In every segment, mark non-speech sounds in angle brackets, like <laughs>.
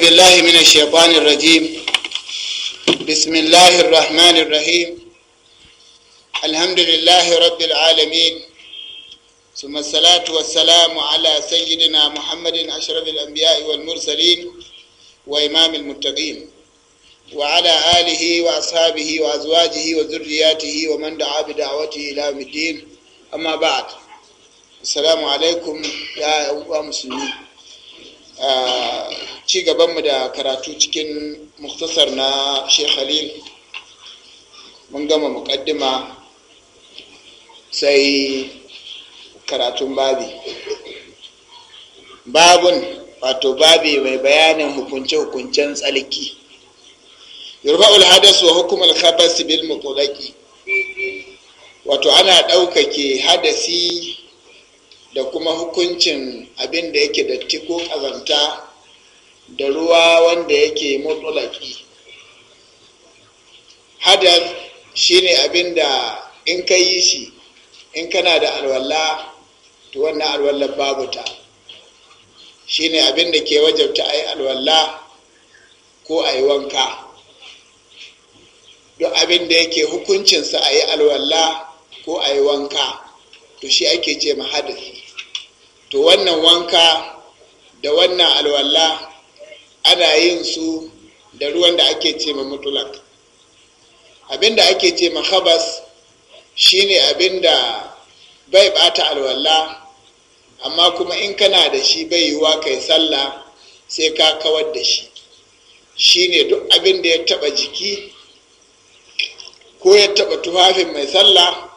بالله من الشيطان الرجيم بسم الله الرحمن الرحيم الحمد لله رب العالمين ثم الصلاة والسلام على سيدنا محمد أشرف الأنبياء والمرسلين وإمام المتقين وعلى آله وأصحابه وأزواجه وذرياته ومن دعا بدعوته إلى يوم الدين أما بعد السلام عليكم يا أيها المسلمين آه، ci gabanmu da karatu cikin muktasar na Sheikh halil. mun gama muƙaddima sai karatun babi babun wato babi mai bayanin hukunce-hukuncen tsalki yurba'ul ulhadasu wa hukumar khabas sibil mutlaqi wato ana ɗaukake hadasi da kuma hukuncin abinda da yake datti ko ƙazanta da ruwa wanda yake matsalaki hadar shine abin da in ka yi shi in kana da alwala to wannan alwala babu ta shine abin da ke wajabta a yi alwala ko a yi wanka duk abin da yake hukuncinsa a yi alwala ko a yi wanka to shi ake ce mahadasi to wannan wanka da wannan alwala ana yin su da ruwan da ake ce ma mutulak abin da ake ce ma habas shine abin da bai bata alwala amma kuma in kana da shi bai yiwuwa kai sallah sai ka kawar da shi shine duk abin da ya taba jiki ko ya taba tufafin mai sallah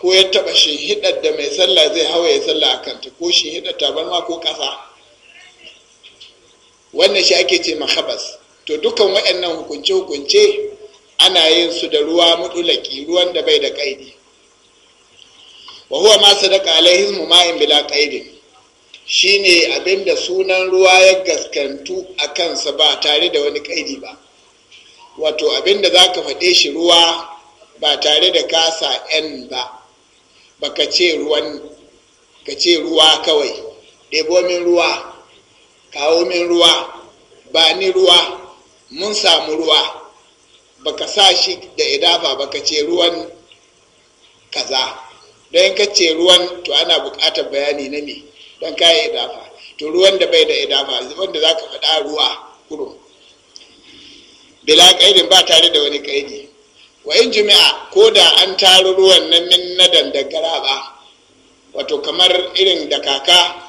ko ya taba hidar da mai sallah zai hawa ya sallah a kanta ko shi hidar tabarma ko ƙasa wannan shi ake ce mahabas to dukkan waɗannan hukunce-hukunce ana yin su da ruwa mutulaki ruwan da bai da kaidi wa huwa ma sadaka alaihim ma'in bila qaidin shine abinda sunan ruwa ya gaskantu a kansa ba tare da wani ƙa'idi ba wato abinda ka faɗe shi ruwa ba tare da kasa n ba baka ka ce ruwa kawai ɗebo min ruwa kawo min ruwa ba ni ruwa mun samu ruwa baka sa shi da idafa baka ce ruwan kaza don ka ce ruwan to ana bukatar bayani na me don kayi idafa to ruwan da bai da idafa wanda za ka faɗa ruwa kuro bila ƙa'idin ba tare da wani ƙa'idi. wa in jumi'a ko da an taru ruwan nan min na dandagara ba wato kamar irin da kaka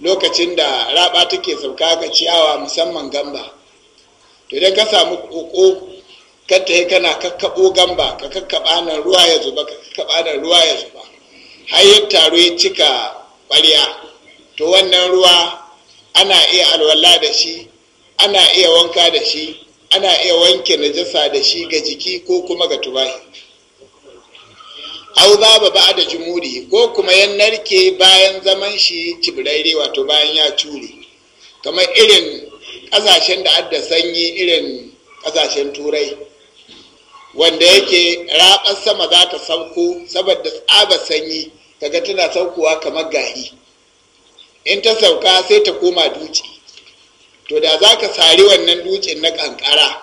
lokacin da raba take sauka ga ciyawa musamman gamba to idan ka samu koko ka yi kana kakkabo gamba ka kakkaba nan ruwa ya zuba ka kakkaba nan ruwa ya zuba har ya taro ya cika ɓarya, to wannan ruwa ana iya alwala da shi ana iya wanka da shi ana iya wanke najasa da shi ga jiki ko kuma ga tubahi au ba da jumuri ko kuma 'yan narke bayan zaman shi cibirairi wato bayan ya cure kamar irin ƙasashen da adda sanyi irin ƙasashen turai wanda yake raɓar sama za ta sauko saboda tsabar sanyi kaga tana saukowa kamar gari in ta sauka sai ta koma dutse. to da za ka sari wannan dutsen na kankara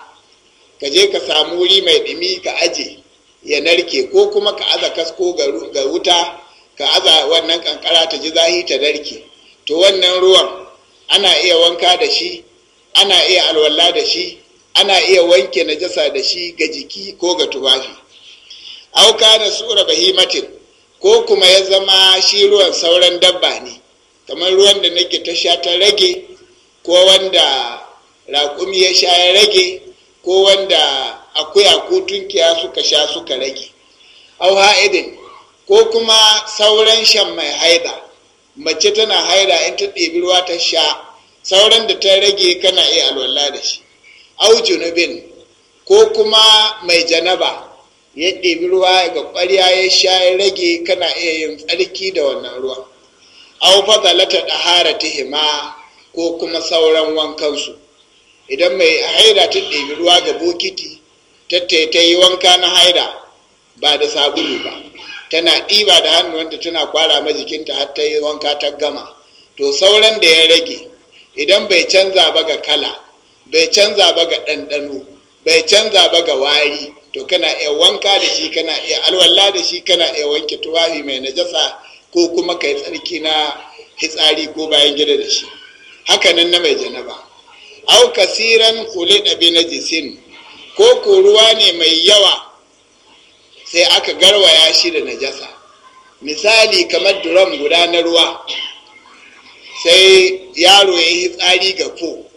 ka je ka samu wuri mai ɗumi ka aje ya narke ko kuma ka aza kasko ga wuta ka aza wannan kankara ta ji zahi ta narke to wannan ruwan ana iya wanka da shi ana iya alwala da shi ana iya wanke najasa da shi ga jiki ko ga tufafi auka na sura bahimatin ko kuma ya zama shi ruwan sauran dabba ne kamar ruwan da nake ta sha ta rage ko wanda raƙumi ya sha ya rage ko wanda akuya ko tunkiya suka sha suka rage au ha'idin ko kuma sauran shan mai haida mace tana haida in ta ɗebi ruwa ta sha sauran da ta rage kana iya alwala da shi au junubin ko kuma mai janaba ya ɗebi ruwa ga ƙwarya ya sha ya rage kana iya yin tsarki da wannan ruwan au fadalata ɗahara hima ko kuma sauran wankansu idan mai haida ta ɗebi ruwa ga bokiti ta yi wanka na haida ba da sabulu ba tana ɗiba da hannuwanta tana kwara ma jikinta har ta yi wanka ta gama to sauran da ya rage idan bai canza ba ga kala bai canza ba ga ɗanɗano bai canza ba ga wari to kana iya wanka da shi kana iya alwala da shi kana iya wanke tuwafi mai najasa ko kuma ka yi tsarki na hitsari ko bayan gida da shi hakanan na mai janaba au kasiran kule ɗabi na ko ko ruwa ne mai yawa sai aka garwaya shi da najasa misali kamar duram guda na ruwa sai yaro ya yi tsari ga fo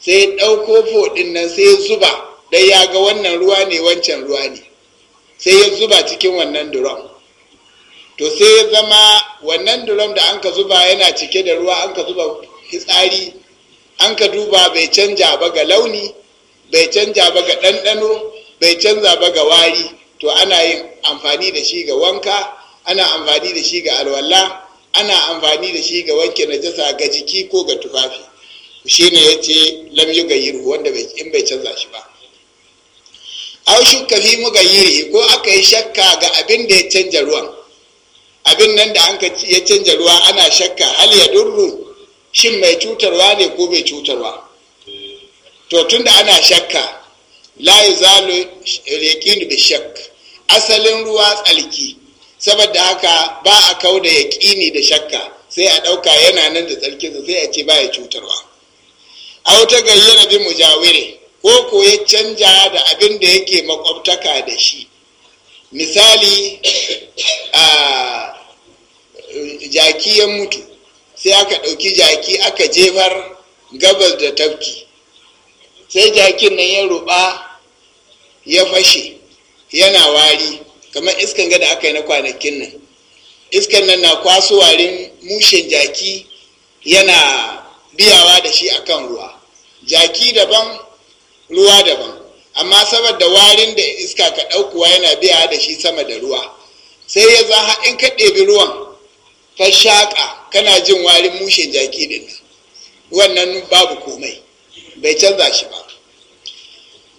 sai ɗauko fo ɗin nan sai ya zuba dai ya ga wannan ruwa ne wancan ruwa ne sai ya zuba cikin wannan duram to sai ya zama wannan duram da an ka zuba yana cike da ruwa an ka zuba fitsari an ka duba bai canja ba ga launi bai canja ba ga ɗanɗano bai canza ba ga wari to ana yin amfani da shi ga wanka ana amfani da shi ga alwala ana amfani da shi ga wanke najasa ga jiki ko ga tufafi shi ne ya ce lam yi gayiru wanda in bai canza shi ba au shukka fi mu gayiri ko aka yi shakka ga abin da ya canja ruwan abin nan da an ya canja ruwa ana shakka hal ya durru shin mai cutarwa ne ko bai cutarwa to da ana shakka la zalo yaqinu bi shakk asalin ruwa tsalki saboda haka ba a kauda yaƙini da shakka sai a ɗauka yana nan da tsarkinsa sai a ce ba ya cutarwa a wata gayyana bi mujawire ko ko ya canja da abin da yake makwabtaka da shi misali a jaki ya mutu sai aka ɗauki jaki aka jefar gabas da tafki sai jakin nan ya ruba ya fashe yana wari kamar iskan gada aka yi na kwanakin nan iskan nan na kwaso warin mushen jaki yana biyawa da shi akan ruwa jaki daban ruwa daban amma saboda warin da iska ka ɗaukuwa yana biya da shi sama da ruwa sai ya zaha in ka ɗebi ruwan ta shaƙa kana jin warin mushen jaki din nan wannan babu komai bai canza shi ba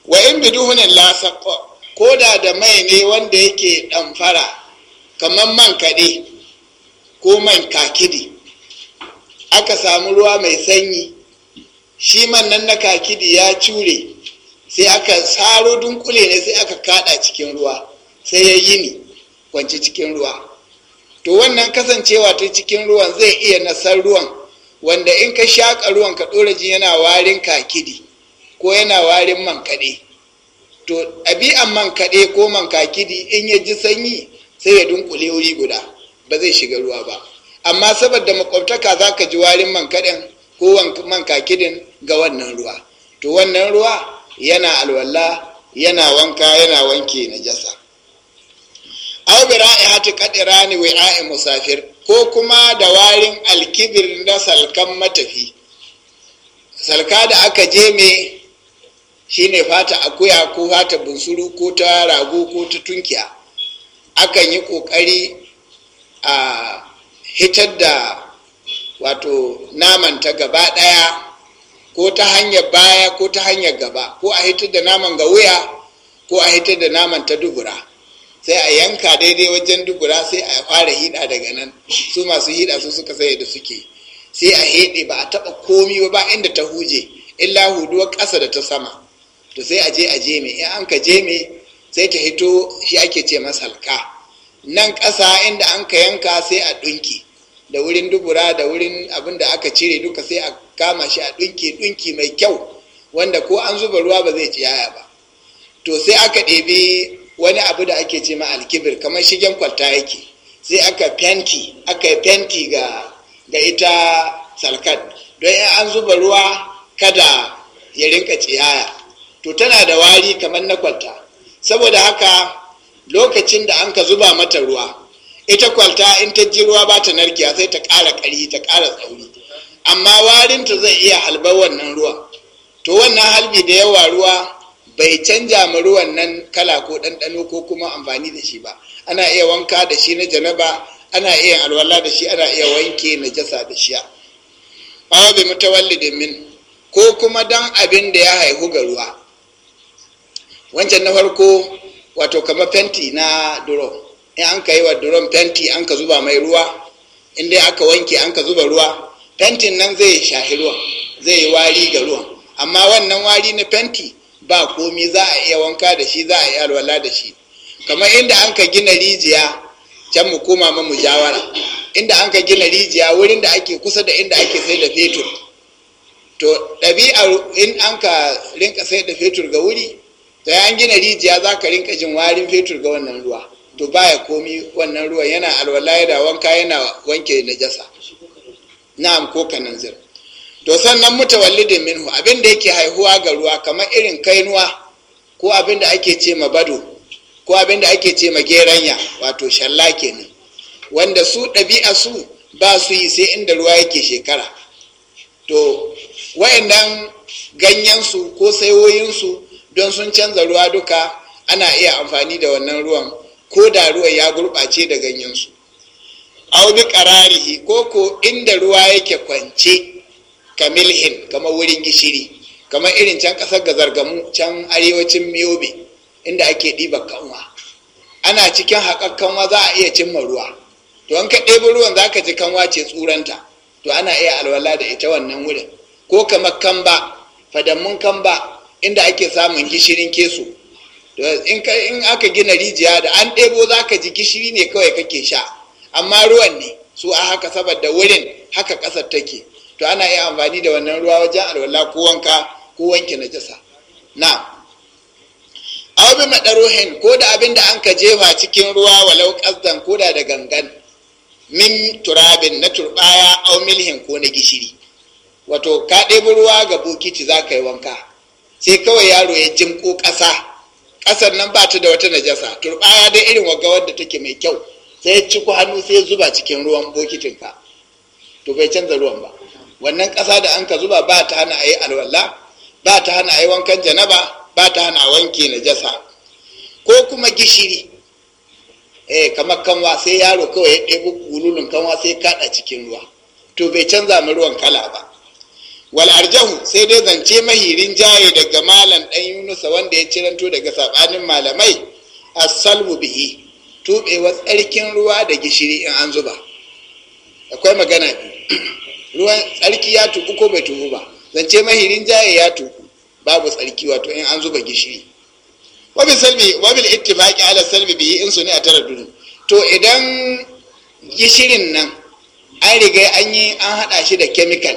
wa in biduhunin lasakwa ko da da mai ne wanda yake ɗamfara kamar man kaɗe ko man kakidi aka samu ruwa mai sanyi shi man nan na kakidi ya cure sai aka saro dunkule ne sai aka kada cikin ruwa sai ya yi yini kwanci cikin ruwa to wannan kasancewa ta cikin ruwan zai iya nasar ruwan wanda in ka shaƙa ruwan ka ɗora jin yana warin kakidi ko yana warin man kaɗe to ɗabi'an man kaɗe ko man kakidi in ya ji sanyi sai ya dunkule wuri guda ba zai shiga ruwa ba amma saboda makwabtaka za ka ji warin man kaɗin ko man kakidin ga wannan ruwa to wannan ruwa yana alwala yana wanka yana wanke najasa aw bi hati qadi rani 'A'a musafir ko kuma da warin alkibir na salkan matafi salka da aka je me shine fata akuya ko fata bunsuru ko ta rago ko ta tunkiya akan yi kokari a hitar da wato naman ta gaba daya ko ta hanyar baya ko ta hanyar gaba ko a hitar da naman ga wuya ko a hitar da naman ta dubura sai a yanka daidai wajen dubura sai a fara hida daga nan su masu hida su suka sai da suke sai a hede ba a taba komi ba ba inda ta huje illa huduwar ƙasa da ta sama to sai a je a jeme in an ka jeme sai ta hito shi ake ce masalka nan ƙasa inda an ka yanka sai a ɗunki da wurin dubura da wurin abin da aka cire duka sai a kama shi a ɗunki ɗunki mai kyau wanda ko an zuba ruwa ba zai ci yaya ba to sai aka ɗebe. wani abu da ake ce ma alkibir kamar shigen kwalta yake sai aka fenti aka yi fenti ga ga ita salkat don in an zuba ruwa kada ya rinka ciyaya to tana da wari kamar na kwalta saboda haka lokacin da an ka zuba mata ruwa ita kwalta in ta ji ruwa ba ta narkiya sai ta ƙara ƙari ta ƙara tsauri amma warinta zai iya halbar wannan ruwa to wannan halbi da yawa ruwa bai canja ma ruwan nan kala ko ɗanɗano ko kuma amfani da shi ba ana iya wanka da shi na janaba ana iya alwala da shi ana iya wanke na jasa da shi awa bi da min ko kuma dan abin da ya haihu ga ruwa wancan na farko wato kama fenti na duro in an ka yi wa duron fenti an ka zuba mai ruwa in dai aka wanke an ka zuba ruwa fentin nan zai shahi ruwan zai yi wari ga ruwan amma wannan wari na fenti ba komi za a iya wanka da shi za a iya alwala da shi kamar inda an ka gina rijiya can mu koma ma mujawara inda an ka gina rijiya wurin da ake kusa da inda ake sai da fetur to ɗabi'ar in an ka rinka sai da fetur ga wuri to an gina rijiya za ka rinka jin warin fetur ga wannan ruwa to baya komi wannan ruwan yana alwala da wanka yana wanke najasa na'am ko kananzir to sannan mutawallidin minhu abin da yake haihuwa ga ruwa kamar irin kainuwa ko abin da ake ce ma bado ko abin da ake ce ma geranya wato shalla kenan wanda su ɗabi'a su ba su yi sai inda ruwa yake shekara to wayannan ganyensu ko sayoyinsu don sun canza ruwa duka ana iya amfani da wannan ruwan ko da ruwan ya gurɓace da ganyensu A wani ƙararihi ko ko inda ruwa yake kwance kamilhin kamar wurin gishiri kamar irin can ƙasar gazargamu can arewacin miyobe inda ake ɗiba kanwa ana cikin haƙar kanwa za a iya cimma ruwa to an ka ɗebi ruwan za ka ji kanwa ce tsuranta to ana iya alwala da ita wannan wurin ko kamar kamba fadammun kamba inda ake samun gishirin kesu, to in aka gina rijiya da an ɗebo za ka ji gishiri ne kawai kake sha amma ruwan ne su a haka saboda wurin haka ƙasar take to ana iya amfani da wannan ruwa wajen alwala ko wanka ko wanke jasa. na abin madaruhin ko da abin da an ka jefa cikin ruwa walau kazdan ko da gangan min turabin na turbaya au milhin ko na gishiri wato ka ɗebi ruwa ga bokiti za ka yi wanka sai kawai yaro ya jimko ƙasa ƙasar nan ba ta da wata najasa turbaya dai irin wagga wadda take mai kyau sai ya ciko hannu sai ya zuba cikin ruwan bokitinka to bai canza ruwan ba wannan ƙasa da an ka zuba ba ta hana a yi alwala ba ta hana a yi wankan janaba ba ta hana a wanke na jasa, ko kuma gishiri eh kamar kanwa sai yaro kawai ya ɗebo gululun kanwa sai kaɗa cikin ruwa to bai canza mu ruwan kala ba wal arjahu sai dai zance mahirin jaye daga malam ɗan yunusa wanda ya ciranto daga saɓanin malamai as-salbu bihi tuɓewa tsarkin ruwa da gishiri in an zuba akwai magana biyu ruwan tsarki ya tuku ko bai tuku ba zance mahirin jaye ya tuku babu tsarki wato in an zuba gishiri wabil salmi wabil ittifaqi ala salmi bihi in suni a taraddud to idan gishirin nan an riga an yi an hada shi da chemical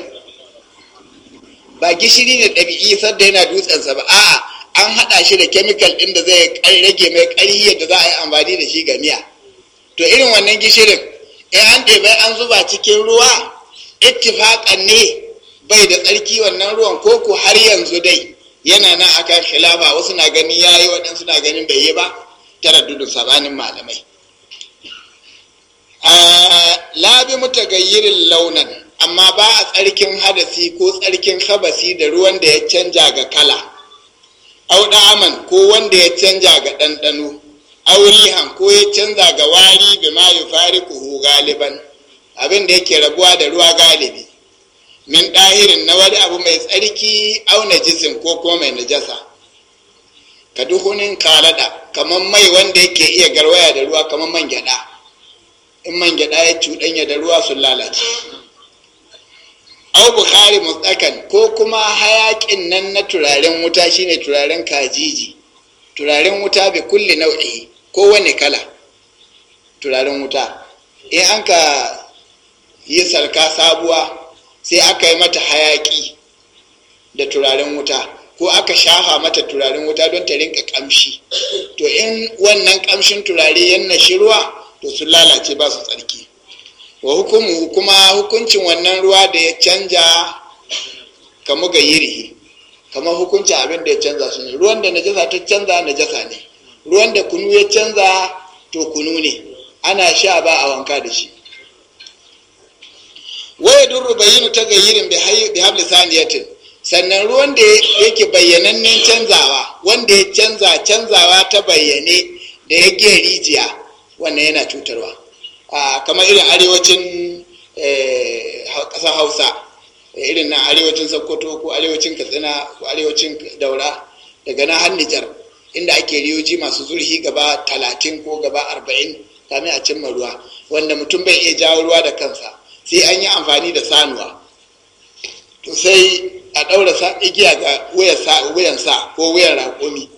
ba gishiri ne ɗabi'i sadda yana sa ba a'a an hada shi da kemikal ɗin da zai rage mai ƙarfi yadda za a yi amfani da shi ga miya to irin wannan gishirin in an ɗebe an zuba cikin ruwa ittifaqan ne bai da tsarki wannan ruwan koko har yanzu dai yana nan akan khilafa wasu na gani yayi waɗansu na ganin bai yi ba taraddudin sabanin malamai labi mutagayyirin launan amma ba a tsarkin hadasi ko tsarkin habasi da ruwan da ya canja ga kala au da'aman ko wanda ya canja ga ɗanɗano aurihan hanko ko ya canza ga wari bi ma yufariquhu galiban abin da yake rabuwa da ruwa galibi min ɗahirin na wani abu mai tsarki auna jisim ko ko mai najasa ka duhunin kalada kamar mai wanda yake iya garwaya da ruwa kamar man gyada in man gyada ya cuɗanya da ruwa sun lalace au bukari mutsakan ko kuma hayakin nan na turaren wuta shine turaren kajiji turaren wuta bi kulli nau'i ko wani kala turaren wuta in an ka Yi sarka sabuwa sai aka yi mata hayaki da turaren wuta ko aka shafa mata turaren wuta don ta rinka kamshi to in wannan kamshin turare yana shirwa to sun lalace ba su tsarki wa hukumu kuma hukuncin wannan ruwa da ya canja kamu ga yiri kamar hukuncin abin da ya canza su ne ruwan da najasa ta canza najasa ne ruwan da kunu ya canza to kunu ne ana sha ba a wanka da shi waya ruba rubayinu ta gayyirin bi habli saniyatin sannan ruwan da yake bayyanannen canzawa wanda ya canza canzawa ta bayyane da ya rijiya wannan yana cutarwa kamar irin arewacin eh, ƙasar hausa irin na arewacin sokoto ko arewacin katsina ko arewacin daura daga na har nijar inda ake riyoji masu zurfi gaba talatin ko gaba arba'in kamin a cimma ruwa wanda mutum bai iya jawo ruwa da kansa sai an yi amfani da sanuwa to sai a ɗaura igiya ga wuyan sa ko wuyan raƙumi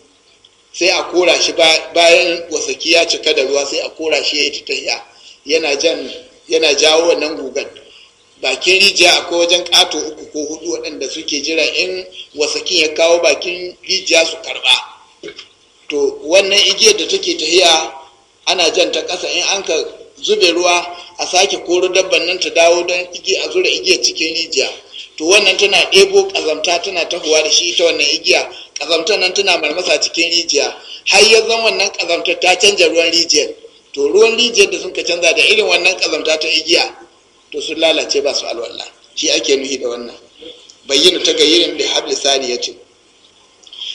sai a kora shi bayan wasaki ya cika da ruwa sai a kora shi ya yi yana jan yana jawo wannan gugan bakin rijiya akwai wajen ƙato uku ko hudu waɗanda suke jira in wasakin ya kawo bakin rijiya su karba to wannan igiyar da take tahiya ana jan ta ƙasa in an ka zube ruwa a sake koro dabban nan ta dawo don igiya a zura igiya cikin rijiya to wannan tana ɗebo ƙazamta tana tahowa da shi ta wannan igiya ƙazamtar nan tana marmasa cikin rijiya har ya zan wannan ƙazamtar ta canja ruwan rijiyar to ruwan rijiyar da sun ka canza da irin wannan ƙazamta ta igiya to sun lalace ba su alwala shi ake nuhi da wannan bayyana ta gayyirin da habli sani ya ce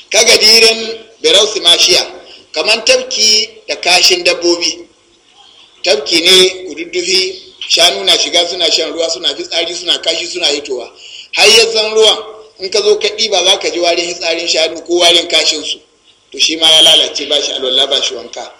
kagadirin birausi mashiya kamar tafki da kashin dabbobi tafki ne kududdufi shanu na shiga suna shan ruwa suna fitsari suna kashi suna hitowa har ya zan ruwan in ka zo ka ba za ka ji warin fitsarin shanu ko warin kashinsu to shi ma ya lalace ba shi alwala ba shi wanka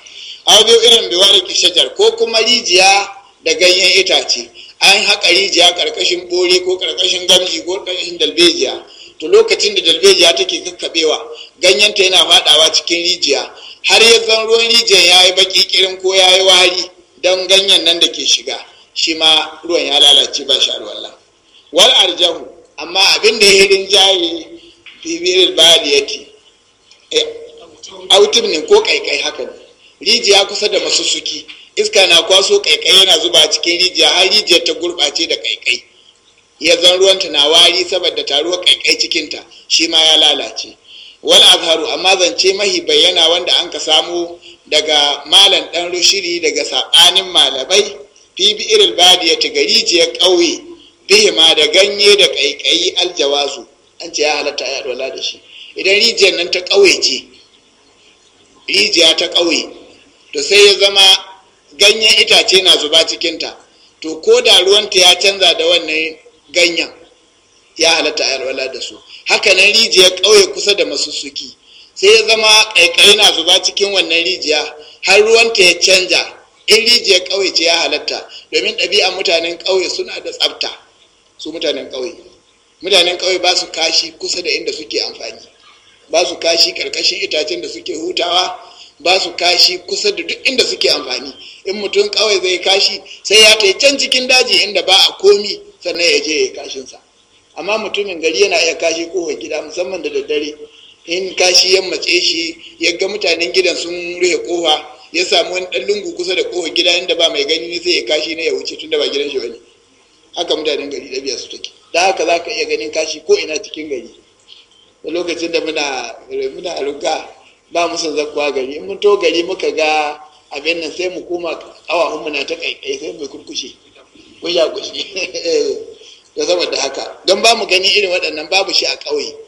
aw biyu irin da wari kishajar ko kuma rijiya da ganyen itace an haƙa rijiya ƙarƙashin bore ko ƙarƙashin gamji ko ƙarƙashin dalbejiya to lokacin da dalbejiya take kakkaɓewa ganyenta yana faɗawa cikin rijiya har ya zan ruwan rijiyar ya yi baƙi ƙirin ko ya yi wari don ganyen nan da ke shiga shi ma ruwan ya lalace ba shi alwallah wal arjahu amma abin da ya hirin jaye bibiril bariyati eh, autum ne ko kaikai haka ne rijiya kusa da masussuki iska na kwaso kaikai yana zuba cikin rijiya har rijiyar ta gurɓace da kaikai ya zan ruwanta na wari saboda taruwar kaikai cikinta shi ma ya lalace wal azharu amma zance mahi bayyana wanda an ka samu daga malam Dan rushiri daga saɓanin malamai, fi bi iril badiya ta kauye ƙauye ma da ganye da ƙaiƙayi aljawazu an ce ya halatta ya dola da shi idan rijiyar nan ta ƙauye ce rijiya ta ƙauye to sai ya zama ganyen itace na zuba cikinta to ko da ruwanta ya canza da wannan ganyen ya halatta ya dola da su haka rijiyar ƙauye kusa da masussuki sai ya zama ƙaiƙayi na zuba cikin wannan rijiya har ruwanta ya canja in rijiyar ƙauye ce ya halatta domin ɗabi'a mutanen ƙauye suna da tsafta su mutanen ƙauye mutanen ƙauye ba su kashi kusa da inda suke amfani ba su kashi ƙarƙashin itacen da suke hutawa ba su kashi kusa da duk inda suke amfani in mutum ƙauye zai kashi sai ya ta can cikin daji inda ba a komi sannan ya je ya kashinsa amma mutumin gari yana iya kashi kowai gida musamman da daddare in kashi ya matse shi ya ga mutanen gidan sun rufe kofa ya samu wani ɗan lungu kusa da kofa gida inda ba mai gani ne sai ya kashi na ya wuce tunda ba gidan shi bane haka mutanen gari ɗabi'a su take da haka za ka iya ganin kashi ko ina cikin gari a lokacin da muna muna ruga ba mu son zakkuwa gari in mun to gari muka ga abin nan sai mu koma mu muna ta kai sai mu kurkushe ko ya kushe da saboda haka don ba mu gani irin waɗannan babu shi a ƙauye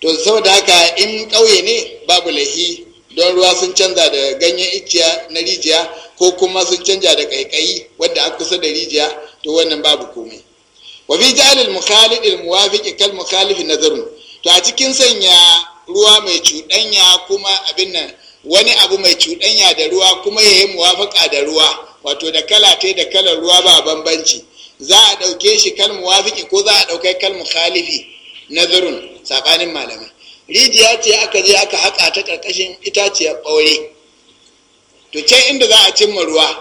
to saboda haka in ƙauye ne babu lahi don ruwa sun canza da ganyen icciya na rijiya ko kuma sun canza da ƙaiƙayi wadda a kusa da rijiya to wannan babu komai wa fi jalil il muwafiqi kal mukhalifi nazarun to a cikin sanya ruwa mai cuɗanya kuma abin nan wani abu mai cuɗanya da ruwa kuma ya yi muwafaƙa da ruwa wato da kala ta da kalar ruwa ba bambanci za a ɗauke shi kal muwafiqi ko za a ɗauke kal mukhalifi nazarun saɓanin malamai rijiya ce aka je aka haka ta ƙarƙashin itaciyar ɓaure to can inda za a cimma ruwa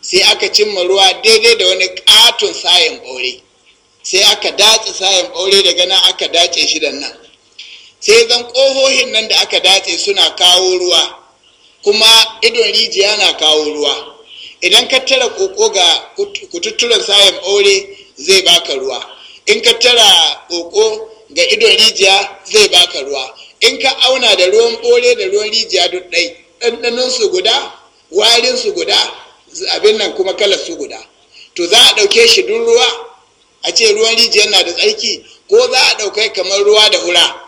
sai aka cimma ruwa daidai da wani ƙaton sayan ɓaure sai aka datse sayan ɓaure daga nan aka dace shi da nan sai zan ƙohohin nan da aka datse suna kawo ruwa kuma idon rijiya na kawo ruwa idan ka tara koko ga kututturen sayan ɓaure zai baka ruwa in ka tara ƙoƙo ga idon rijiya zai baka ruwa in ka auna da ruwan ɓore da ruwan rijiya duk ɗai ɗanɗanon su guda warin su guda abin nan kuma kalar su guda to za a ɗauke shi duk ruwa a ce ruwan rijiya na da tsarki ko za a ɗauka kamar ruwa da hura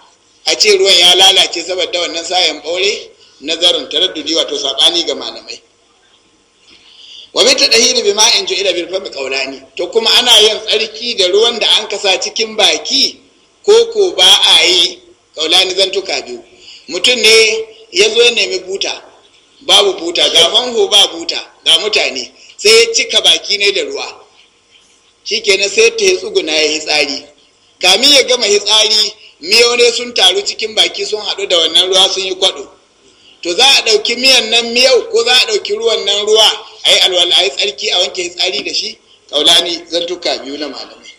a ce ruwan ya lalace saboda wannan sayan bore nazarin taraddudi wato saɓani ga malamai wa bi tadhiri bi ma'in ju'ila bil fami qawlani to kuma ana yin tsarki da ruwan da an kasa cikin baki ko ko ba a yi qawlani tuka biyu mutum ne ya zo ya nemi buta babu buta ga fanho ba buta ga mutane sai ya cika baki ne da ruwa shikenan sai ta tsuguna ya yi tsari kamin ya gama hitsari miyau ne sun taru cikin baki sun haɗu da wannan ruwa sun yi kwaɗo to za a ɗauki miyan nan miyau ko za a ɗauki ruwan nan ruwa Ayi alwala a tsarki a wanke tsari da shi kaulani zantuka biyu na malamai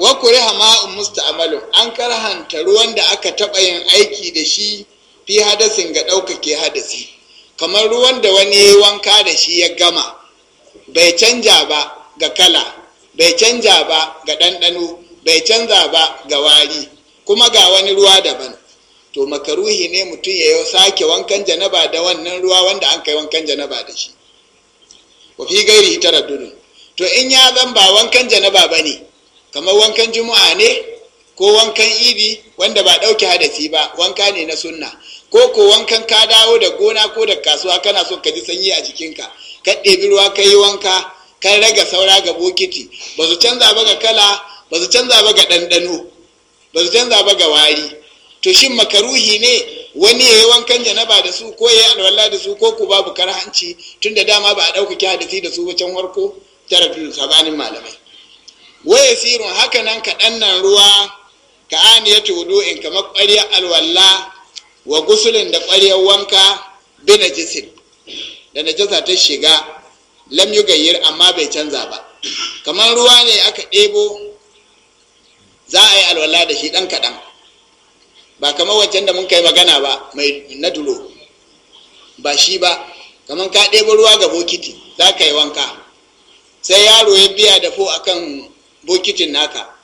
wa kuriha ma'un an karhanta ruwan da aka taɓa yin aiki da shi fi hadasin ga ɗaukake hadasi kamar ruwan da wani wanka da shi ya gama bai canja ba ga kala bai canja ba ga ɗanɗano bai canza ba ga wari kuma ga wani ruwa daban to makaruhi ne mutum ya sake wankan janaba da wannan ruwa wanda an kai wankan janaba da shi wa fi gairi taraddudun to in ya zan ba wankan janaba ba ne kamar wankan juma'a ne ko wankan idi wanda ba ɗauke hadasi ba wanka ne na sunna ko ko wankan ka dawo da gona ko da kasuwa kana so ka ji sanyi a jikinka ka ɗebi ruwa ka yi wanka ka rage saura ga bokiti ba su canza ba ga kala ba su canza ba ga ɗanɗano ba su canza ba ga wari to shin makaruhi ne wani ya yi wankan janaba da su ko ya yi alwala da su ko ku babu karhanci tun da dama ba a ɗaukaki hadisi da su ba can warko tarafi sabanin malamai waye sirun haka nan kaɗan nan ruwa ka tudu in kamar ƙwaryar alwala wa gusulin da ƙwaryar wanka bi najisin da najasa ta shiga lam gayyar amma bai canza ba kamar ruwa ne aka ɗebo za a yi alwala da shi ɗan kaɗan ba kamar wajen da mun kai magana ba mai na duro ba shi ba kamar ka ɗebo ruwa ga bokiti za ka yi wanka sai yaro ya biya da fo akan bokitin naka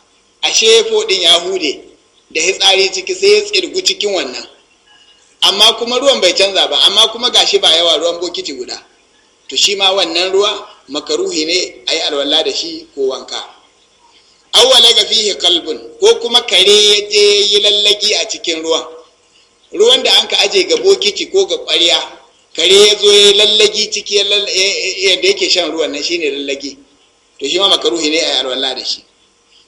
ashe fo ɗin ya hude da hitsari ciki sai ya tsirgu cikin wannan amma kuma ruwan bai canza ba amma kuma gashi ba yawa ruwan bokiti guda to shi ma wannan ruwa makaruhi ne a yi alwala da shi ko wanka awwala ga fihi kalbin, ko kuma kare ya je yi lallagi a cikin ruwan ruwan da anka aje ga bokiti ko ga ƙwarya kare ya zo ya lallagi ciki yadda yake shan ruwan nan shine lallagi to shi ma makaruhi ne a yarwalla da shi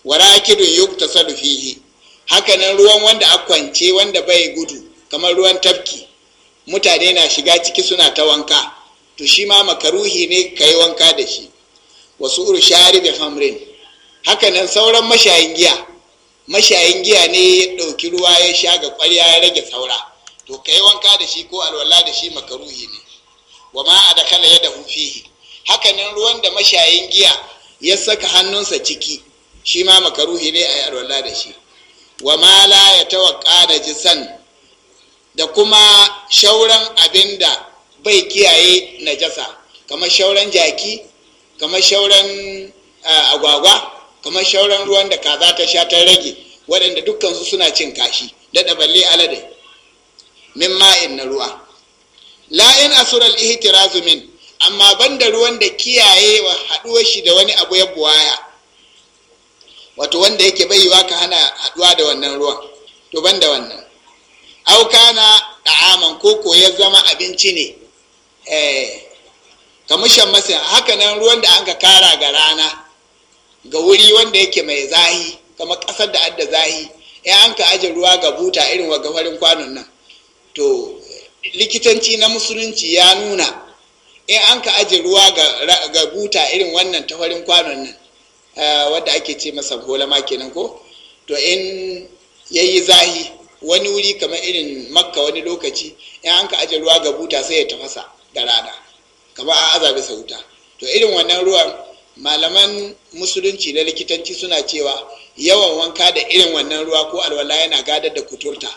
Wara yi ta sadu fihi hakanan ruwan wanda a kwance wanda bai gudu kamar ruwan tafki mutane na shiga ciki suna ta wanka to shi ma makaruhi ne ka yi wanka da shi wasu uru shari da hamrin hakanan sauran mashayin giya mashayin giya ne ya ɗauki ruwa ya sha ga ƙwarya ya rage saura to ka yi wanka da shi ko alwala da shi makaruhi ne wa ma a da kala ya dahu fihi hakanan ruwan da mashayin giya ya saka hannunsa ciki shi ma makaruhi ne a yi alwala da shi wa ma la ya tawakka da jisan da kuma shauran abin da bai kiyaye najasa kamar shauran jaki kamar shauran ah, agwagwa kamar shauran ruwan da kaza ta sha ta rage waɗanda dukkansu suna cin kashi daɗa balle alade min ma'in na ruwa la'in asural ihtirazu min amma banda ruwan da kiyaye wa haɗuwar shi da wani abu ya buwaya wato wanda yake baiwa ka hana haɗuwa da wannan ruwan to banda wannan auka na da'aman koko ya zama abinci ne eh kamushan masin haka nan ruwan da an ka kara ga rana ga wuri wanda yake mai zahi kama kasar da adda zahi in an ka aje ruwa ga buta irin wa gafarin kwanon nan to likitanci na musulunci ya nuna in an ka aje ruwa ga buta irin wannan tafarin kwanon nan eh, wadda ake ce masa holama kenan ko to in ya yi zahi wani wuri kamar irin makka wani lokaci in an ka aje ruwa ga buta sai ya tafasa da rana kamar a aza sauta to irin wannan ruwan malaman musulunci na likitanci suna cewa yawan wanka da irin wannan ruwa ko alwala yana gadar da kuturta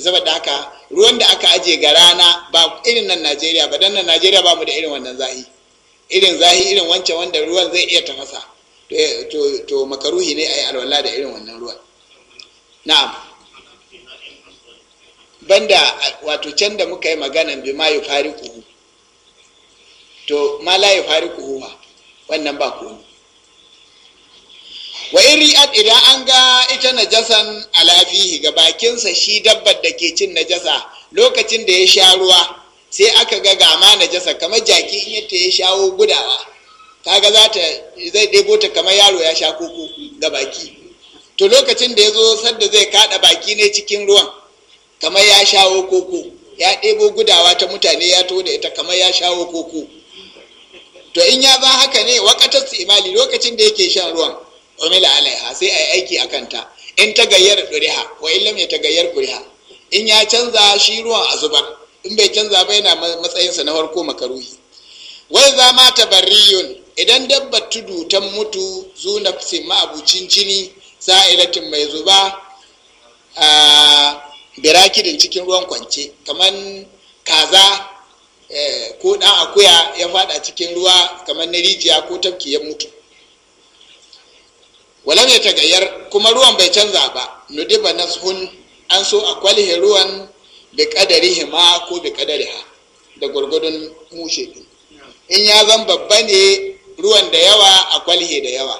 saboda haka ruwan da aka aje ga rana ba irin nan najeriya ba dan nan najeriya ba mu da irin wannan zahi irin zahi irin wancan wanda ruwan zai iya tafasa to, to makaruhi ne a yi alwala da irin wannan ruwan na'am banda wato can da muka yi maganan bi ma yi fari kuhu to ma la yi fari kuhu ba wannan ba komi wa ri'at idan an ga ita najasan alafihi ga bakinsa shi dabbar da ke cin najasa lokacin da ya sha ruwa sai aka ga gama najasa kamar jaki in yadda ya shawo gudawa kaga za ta zai ɗebo ta kamar yaro ya sha koko ga baki to lokacin da ya zo sadda zai kaɗa baki ne cikin ruwan kamar ya shawo koko ya ɗebo gudawa ta mutane ya to da ita kamar ya shawo koko to in ya ba haka ne wakatar imali lokacin da yake shan ruwan umila alaiha sai a yi aiki a kanta in ta gayyar ɗuriha. wa illam ya ta gayyar ƙuriha in ya canza shi ruwan a zubar in bai canza ba yana matsayinsa na farko makaruhi wai za ma tabarriyun idan dabbar tudu ta mutu zu nafsin ma'abucin jini sa'ilatin mai zuba a ah, birakidin cikin ruwan kwance kamar kaza Eh, ko ɗan akuya ya faɗa cikin ruwa kamar na rijiya ko tafki ya mutu walam ya tagayyar kuma ruwan bai canza ba nudiba nashun an so a kwalhe ruwan bi kadarihi ma ko bi ha da gwargwadon mushe din in ya zan babba ne ruwan da yawa a kwalhe da yawa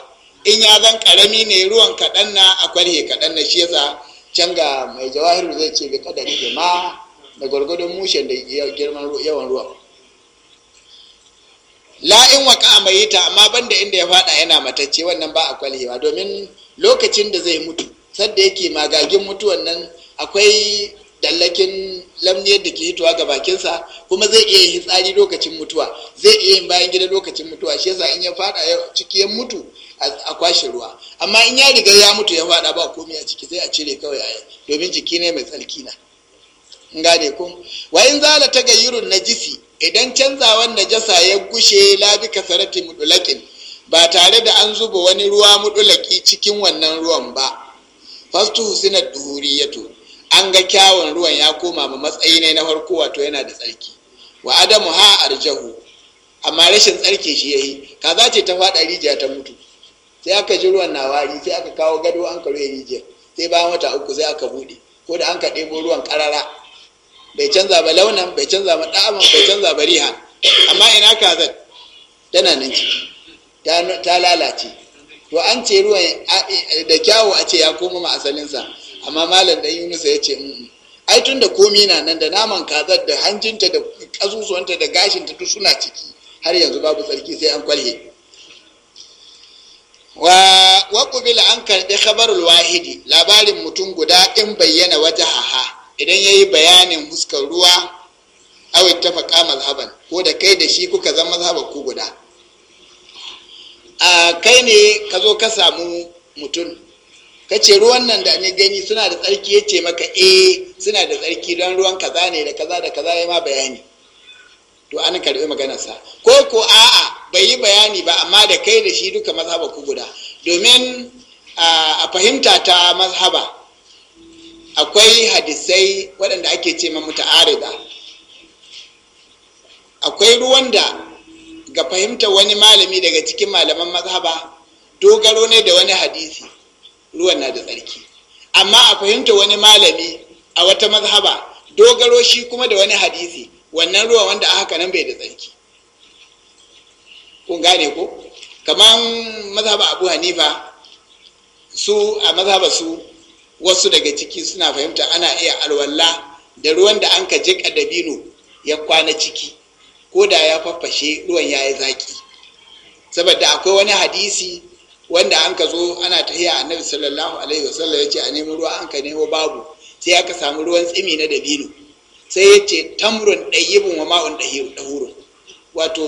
in ya zan karami ne ruwan kaɗan na a kwalhe kaɗan na shi yasa can ga mai jawahir zai ce bi kadarihi ma da gwargwadon mushen da girman yawan ruwa. la'in waka mai ta amma banda inda ya fada yana matacce wannan ba a kwalhewa domin lokacin da zai mutu sadda yake magagin mutuwan nan akwai dallakin lamni da ke hitowa ga bakinsa kuma zai iya yin tsari lokacin mutuwa zai iya yin bayan gida lokacin mutuwa shi yasa in ya fada ciki ya mutu a kwashe ruwa amma in ya riga ya mutu ya fada ba komai a ciki sai a cire kawai domin jiki ne mai tsarki na gane ku wa in zala tagayyurun najisi idan canzawan najasa ya gushe labi kasarati mudulakin ba tare da an zuba wani ruwa mudulaki cikin wannan ruwan ba fastu husinat duhuriyatu an ga kyawun ruwan ya koma ma matsayi ne na farko wato yana da tsarki wa adamu ha arjahu amma rashin tsarki shi yayi kaza ce ta faɗa rijiya ta mutu sai aka ji ruwan na wari sai aka kawo gado an karo rijiya sai bayan wata uku sai aka buɗe ko da an ka ɗebo ruwan ƙarara bai canza ba launan bai canza ba da'aman bai canza ba riha. amma ina kazan, tana nan ciki ta lalace to an ce ruwan da kyawu a ce ya koma ma asalinsa amma malam dan yunusa ya ce ai tun da komi na nan da naman kazar da hanjinta da ƙasusuwanta da gashinta duk suna ciki har yanzu babu tsarki sai an kwalhe wa wa an karɓi khabarul wahidi labarin mutum guda in bayyana wata haha idan ya yi bayanin huskar ruwa awai ta faƙa mazhaban ko da kai da shi kuka zama mazhaban ku guda a kai ne ka zo ka samu mutum ka ce ruwan nan da ni gani suna da tsarki ya ce maka e suna da tsarki don ruwan kaza ne da kaza da kaza ya ma bayani to an karɓi maganarsa ko ko a'a bai yi bayani ba amma da kai da shi duka mazhaba ku guda domin a fahimta ta mazhaba akwai hadisai waɗanda ake ce ma arida akwai ruwan da ga fahimtar wani malami daga cikin malaman mazhaba dogaro ne da wani hadisi ruwan na da tsarki amma a fahimta wani malami a wata mazhaba dogaro shi kuma da wani hadisi wannan ruwan wanda a haka nan bai da tsarki kun gane ko kamar mazhaba abu hanifa su a mazhaba su wasu daga ciki suna fahimta ana iya alwala da ruwan da an ka jika dabino ya kwana ciki ko da ya faffashe ruwan ya yi zaki saboda akwai wani hadisi wanda an ka zo ana tahiya annabi sallallahu alaihi wasallam ya ce a nemi ruwa an ka nemo babu sai aka samu ruwan tsimi na dabino sai ya ce tamrun dayyibun wa ma'un ɗahurun wato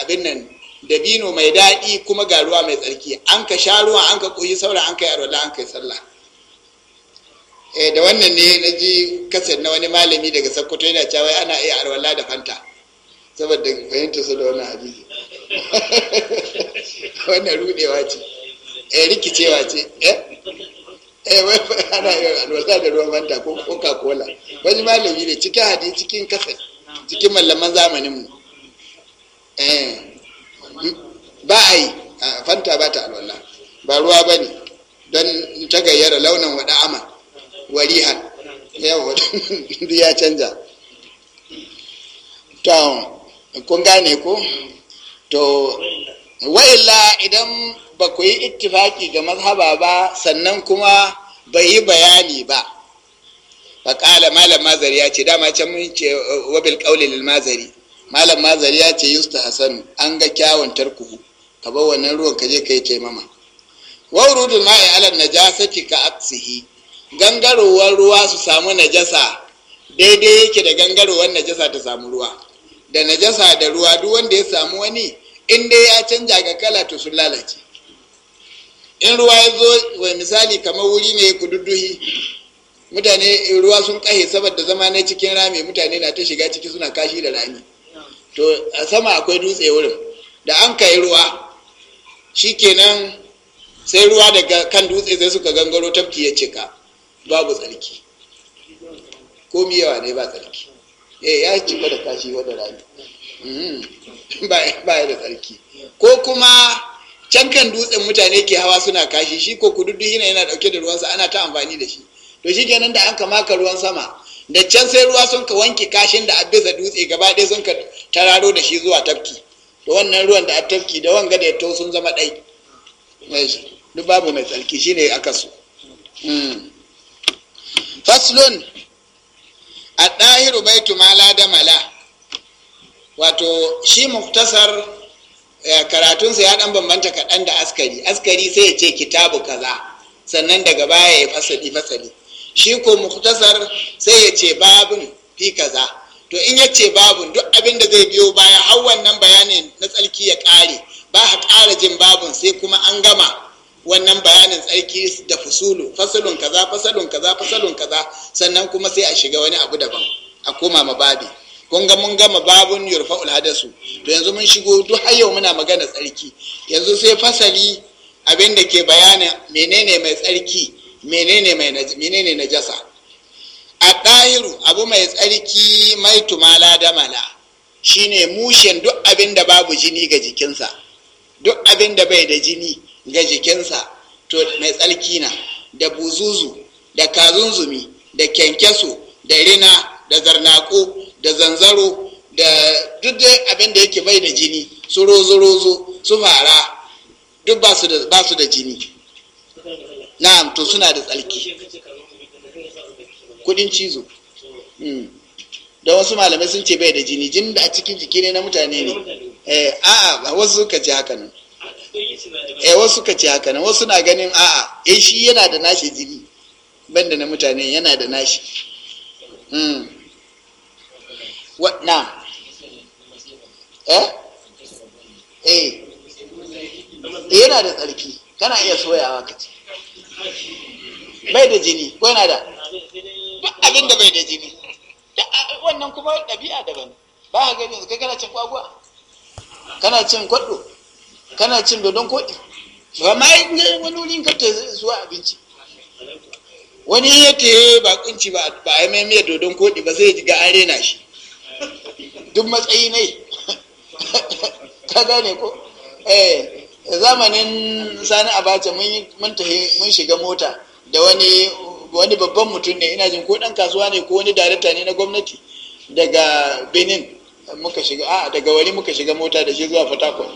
abin nan dabino mai daɗi kuma ga ruwa mai tsarki an ka sha ruwa an ka koyi saura an ka yi arwala an ka yi sallah Eh, da wannan ne na ji kasar na wani malami daga sakkwato yana cewa ana iya alwala da fanta saboda fahimta su da wannan hadisi <laughs> wannan rudewa ce eh rikicewa ce eh eh wai ana iya alwala da ruwan fanta ko coca cola wani malami ne cikin hadisi cikin kasar cikin mallaman zamaninmu eh ba a yi ah, fanta ba ta alwala ba ruwa ba ne don ta gayyara launin amana warihan yawa <laughs> ya canza. to kun gane ko to wa'illa idan ba ku yi ittifaki ga mazhaba ba sannan kuma bai yi bayani ba Ba kala malam mazari ya ce dama can mun ce wabil ƙauli mazari malam mazari ya ce yusta hasanu an ga kyawun tarkuhu ka bar wannan ruwan ka je ka yi taimama wawrudul ma'i ala najasati ka aksihi gangarowar ruwa su samu najasa daidai yake da gangarowar najasa ta samu ruwa da najasa da ruwa duk wanda ya samu wani in dai ya canja ga kala to sun lalace in ruwa ya zo wa misali kamar wuri ne kududduhi mutane ruwa sun kahe saboda zama na cikin rami mutane na ta shiga ciki suna kashi da rami to a sama akwai dutse wurin da an kai ruwa kenan sai ruwa daga kan dutse zai suka gangaro tafki ya cika babu tsarki ko miyawa ne ba tsarki eh ya ci da kashi wadda rami hmm. <laughs> ba ya da tsarki ko kuma can kan dutsen mutane ke hawa suna kashi shi ko kududdu yana yana dauke da ruwansa ana ta amfani da shi to shi kenan da an kamaka ruwan sama da can sai ruwa sun ka wanke kashin da abisa dutse gaba ɗaya sun ka tararo da shi zuwa tafki to wannan ruwan da a tafki da wanga da ya tausun sun zama ɗai duk mai tsarki shine aka so hmm. faslun a ɗahiru baitu mala da mala wato shi muktasar eh, karatunsa ya ɗan bambanta kaɗan da askari askari sai ya ce kitabu kaza sannan daga baya ya fasali fasali shi ko muktasar sai ya ce babin fi kaza to in ya ce babin duk abin da zai biyo baya har wannan bayanin na tsarki ya ƙare ba a ƙara jin babin sai kuma an gama wannan bayanin tsarki da fusulu fasalun kaza fasalun kaza fasalun kaza sannan kuma sai a shiga wani abu daban a koma mababi kun ga mun gama babun yurfa'ul hadasu to yanzu mun shigo duk har yau muna magana tsarki yanzu sai fasali abin da ke bayanin menene mai tsarki menene mai menene najasa a ɗahiru abu mai tsarki mai tumala da mala shine mushen duk abin da babu jini ga jikinsa duk abin da bai da jini ga jikinsa to mai tsalki na da buzuzu da kazunzumi da kyankyaso da rina da zarnako da zanzaro da duk abin da yake bai da jini su rozo-rozo su fara duk ba su da jini na'am to suna da tsalki kudin cizo hmm. da wasu malamai sun ce bai da jini jini da a cikin jiki ne na mutane ne eh, a'a wasu suka ce haka nan eh wasu ka ce haka nan wasu na ganin a'a eh shi yana da nashi jini banda na mutane yana da nashi hmm. na eh? eh eh yana da tsarki kana iya soyawa ka ce bai da jini ko yana da abin da bai da jini wannan kuma ɗabi'a daban ba ka gani ka kana cin kwakwa kana cin kwaɗo kana cin dodon koɗi ba ma wani wurin kata zuwa abinci wani ya ta ba kunci ba a yi mai dodon koɗi ba zai ga an rena shi duk matsayi ne <laughs> ka gane ko eh zamanin sani abacha mun yi mun shiga mota da wani wani babban mutum ne ina jin ko dan kasuwa ne ko wani darakta ne na gwamnati daga benin muka shiga a daga wani muka shiga mota da shi zuwa fatakwal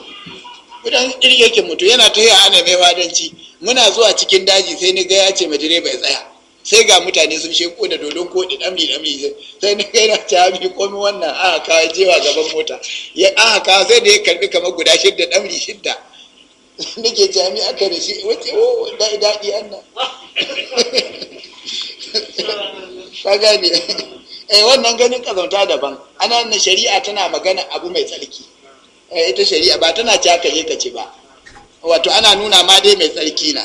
kudan iri yake mutu yana ta yi ana mai wadanci muna zuwa cikin daji sai ni ga ya ce direba ya tsaya sai ga mutane sun sheko da dodon koɗi ɗamli ɗamli sai ni ga yana ta mi komi wannan aka kawo jewa gaban mota ya aka kawo sai da ya karbi kamar guda shidda ɗamli shidda nake ce mi aka da shi wace o oh, daɗi daɗi annan <laughs> ka gane eh wannan ganin kazanta daban ana shari'a tana magana abu mai tsarki Eh, ita shari'a ba tana ci haka ka ci ba wato ana nuna ma dai mai tsarki na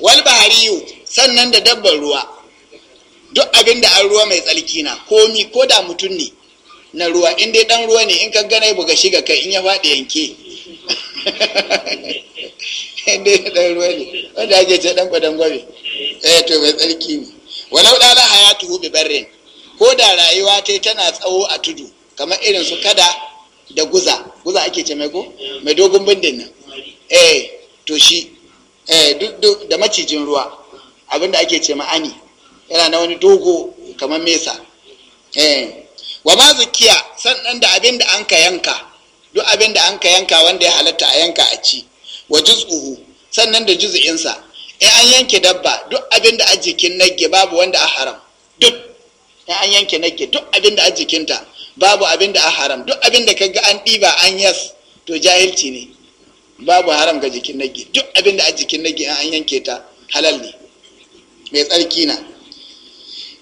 wal bahariyu sannan da dabbar ruwa duk abin da an ruwa mai tsarki na komi ko da mutum ne na ruwa in dai dan ruwa ne in ka gane buga shiga kai in ya faɗi yanke <laughs> in dai dan ruwa ne wanda ake ce dan kwadan gwabe eh to mai tsarki ne walau dala hayatu bi barrin ko da rayuwa tai tana tsawo a tudu kamar irin su kada da guza guza ake ce mai ko mai dogon bindin nan eh to shi eh duk da macijin ruwa abinda ake ce ma'ani yana na wani dogo kamar mesa eh wa ma zukiya dan da abinda an ka yanka duk abinda an ka yanka wanda ya halatta a yanka a ci wa juz'uhu sannan da sa eh an yanke dabba duk abinda a jikin nagge babu wanda a haram duk in an yanke nagge duk abinda a jikinta babu abin da a haram duk abin da kaga an ɗiba an yas to jahilci ne babu haram ga jikin nagi duk abin da a jikin nagi an yanke ta halal ne mai tsarki na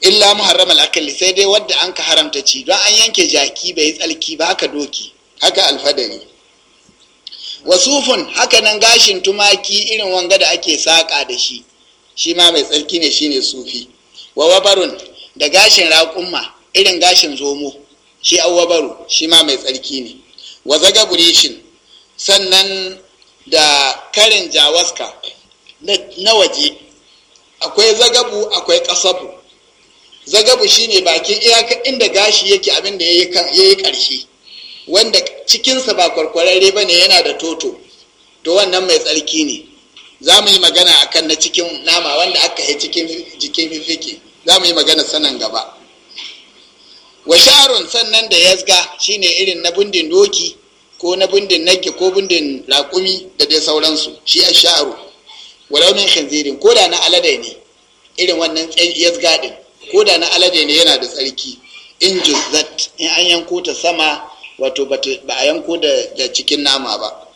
illa muharram al'akalli sai dai wadda an ka haramta ci don an yanke jaki bai tsarki ba haka doki haka alfadari wasufun haka nan gashin tumaki irin wanga da ake saƙa da shi shi ma mai tsarki ne shine sufi wa wabarun da gashin raƙumma irin gashin zomo shi awwabaru shi ma mai tsarki ne wa zaga burishin sannan da karin jawaska na waje akwai zagabu akwai kasabu zagabu shine bakin iyaka inda gashi yake abin da ya yi ƙarshe wanda cikinsa ba kwarkwararre ba ne yana da toto to wannan mai tsarki ne za mu yi magana akan na cikin nama wanda aka yi cikin jikin fifike za mu yi magana sanan gaba wa sharon sannan da yazga shine irin na bundin doki ko na bundin nagge ko bundin raƙumi da dai sauransu shi a sharo wa launin khinzirin ko da na alade ne irin wannan yazga din ko da na alade ne yana da tsarki in zat, in an yanko ta sama wato ba a yanko da cikin nama ba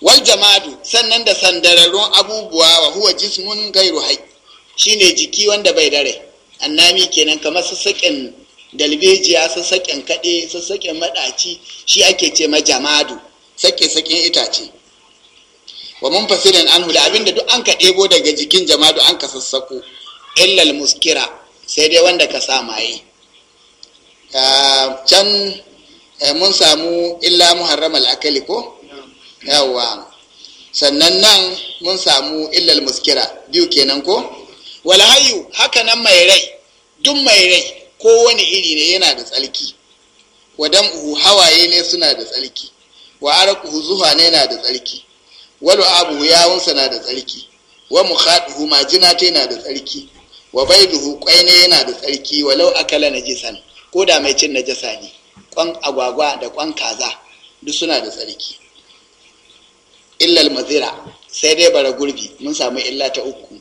wal jamadu sannan da sandararrun abubuwa wa huwa jismun gairu hai shine jiki wanda bai dare annami kenan kamar sassaƙin dalbejiya sassaƙen kaɗe sassaƙen maɗaci shi ake ce ma jamadu sake-saken itace wa mun fasirin an hula abinda duk an ka ɗebo daga jikin jamadu an ka sassaƙo illal muskira sai dai wanda ka sa maye ah, can eh, mun samu illa muharram al'akali ko yawwa sannan nan mun samu illal muskira biyu kenan ko Walhayu, hayu haka nan mai rai duk mai rai kowane iri ne yana da tsarki. wa uhu hawaye ne suna da tsarki. wa uhu zuha ne yana da tsarki wa lu'abuhu yawunsa na da tsarki wa mukhaduhu majina ta yana da tsarki wa baiduhu kwai ne yana da tsarki walau akala najisan ko da mai cin najasa ne kwan agwagwa da kwan kaza duk suna da tsarki illal mazira sai dai bara gurbi mun samu illa ta uku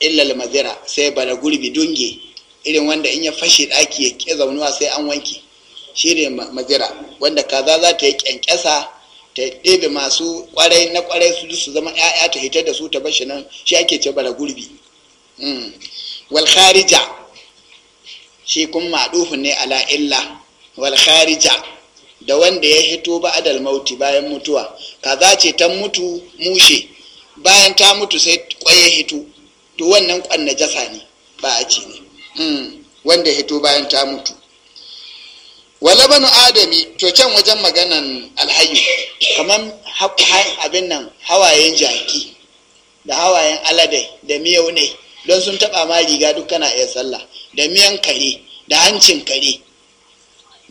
illal mazira sai bara gurbi dunge irin wanda in ya fashe ɗaki ya ke zaunuwa sai an wanke shi ne mazira wanda kaza za ta yi kyankyasa ta ɗebe masu ƙwarai na ƙwarai su su zama 'ya'ya ta hitar da su ta bashi nan shi ake ce bara gurbi mm. wal kharija shi kun maɗufin ne ala illa wal da wanda ya hito ba adal mauti bayan mutuwa kaza ce ta mutu mushe bayan ta mutu sai ƙwaye hito to wannan ƙwan jasa ne ba a ci ne Hmm, wanda hito bayan ta mutu wala banu adami to can wajen maganan alhayu kamar abin nan hawayen jaki da hawayen alade da miyau ne don sun taba ma riga dukkan iya sallah da miyan kare da hancin kare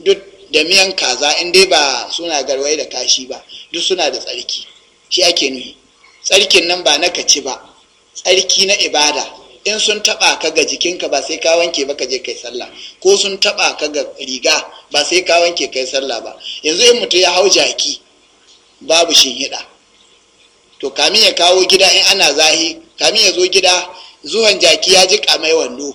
duk da miyan kaza in dai ba suna garwai da kashi ba duk suna da tsarki shi ake nuhi tsarkin nan ba na kaci ba tsarki na ibada in sun taba ka ga jikinka ba sai ka wanke ba ka je kai sallah ko sun taba ka ga riga ba sai ka wanke kai sallah ba yanzu in mutum ya hau jaki babu hida to kamin ya kawo gida in ana zahi kamin ya zo gida zuwan jaki ya ji mai wando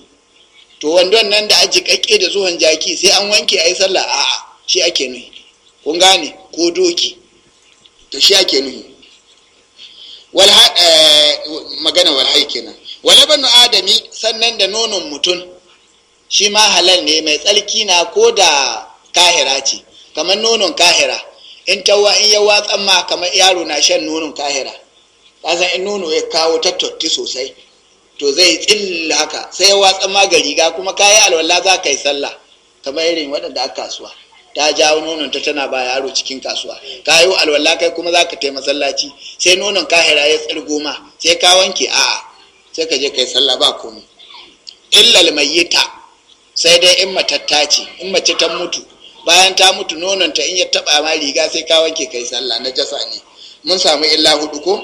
to wandon nan da aji da zuwan jaki sai an wanke ayi yi sallah a'a shi ake nuhi kun gane ko doki to shi ake nuhi eh, magana walhai kenan walabanu adami sannan da nonon mutum shi ma halal ne mai tsarki na ko da kahira ce kamar nonon kahira in tawa in yawa watsan kamar yaro na shan nonon kahira kasan in nono ya kawo tattotti sosai to zai tsilla haka sai yawa watsan ga riga kuma kayi alwala za ka yi sallah kamar irin waɗanda aka kasuwa ta jawo nonon ta tana ba yaro cikin kasuwa ka kayo alwala kai kuma za ka taimaka masallaci sai nonon kahira ya tsirgo ma sai ka wanke a'a sai ka je ka yi sallah ba komi illal mayyita sai dai in matatta ce in mace ta mutu bayan ta mutu nononta in ya taba ma riga sai ka wanke kai sallah na jasa ne mun samu illa hudu ko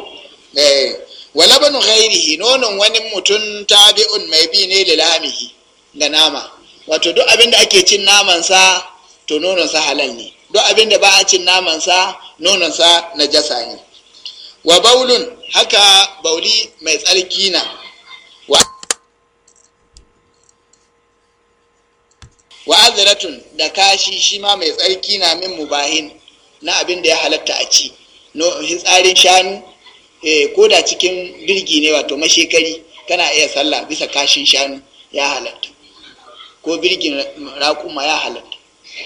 eh wala banu ghairihi nonon wani mutum tabi'un mai bi ne lilamihi da nama wato duk abin da ake cin naman sa to nonon sa halal ne duk abin da ba a cin naman sa nonon sa najasa ne wa baulun haka bauli mai tsarki na wa azratun da kashi shi ma mai tsarki na min mubahin na abin da ya halatta a ci no tsarin shanu eh ko da cikin birgi ne wato mashekari kana iya sallah bisa kashin shanu ya halatta ko birgin raƙuma ya halatta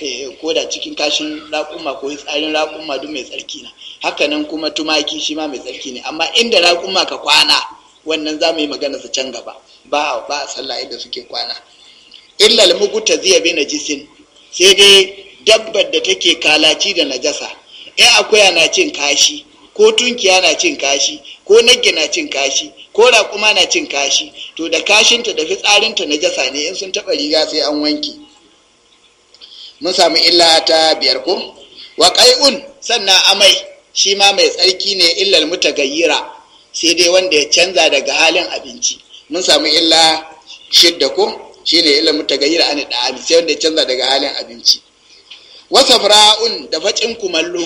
eh, ko da cikin kashin raƙuma ko tsarin raƙuma duk mai tsarki na hakanan kuma tumaki shi ma mai tsarki ne amma inda raƙuma ka kwana wannan za mu yi magana su can gaba ba ba sallah da suke kwana illal muguta ziya bi najisin sai dai dabbar da take kalaci da najasa in akuya na cin kashi ko tunkiya na cin kashi ko nagge na cin kashi ko raƙuma na cin kashi to da kashinta da fitsarinta najasa ne in sun taɓa riga sai an wanke mun samu illa ta biyar ko wa ƙai'un sannan amai shi ma mai tsarki ne illal mutagayyira sai dai wanda ya canza daga halin abinci mun samu illa shidda ko Shi ne ilimin tagayyar an da'ami sai wanda ya canza daga halin abinci wasa fara'un da facin kumallo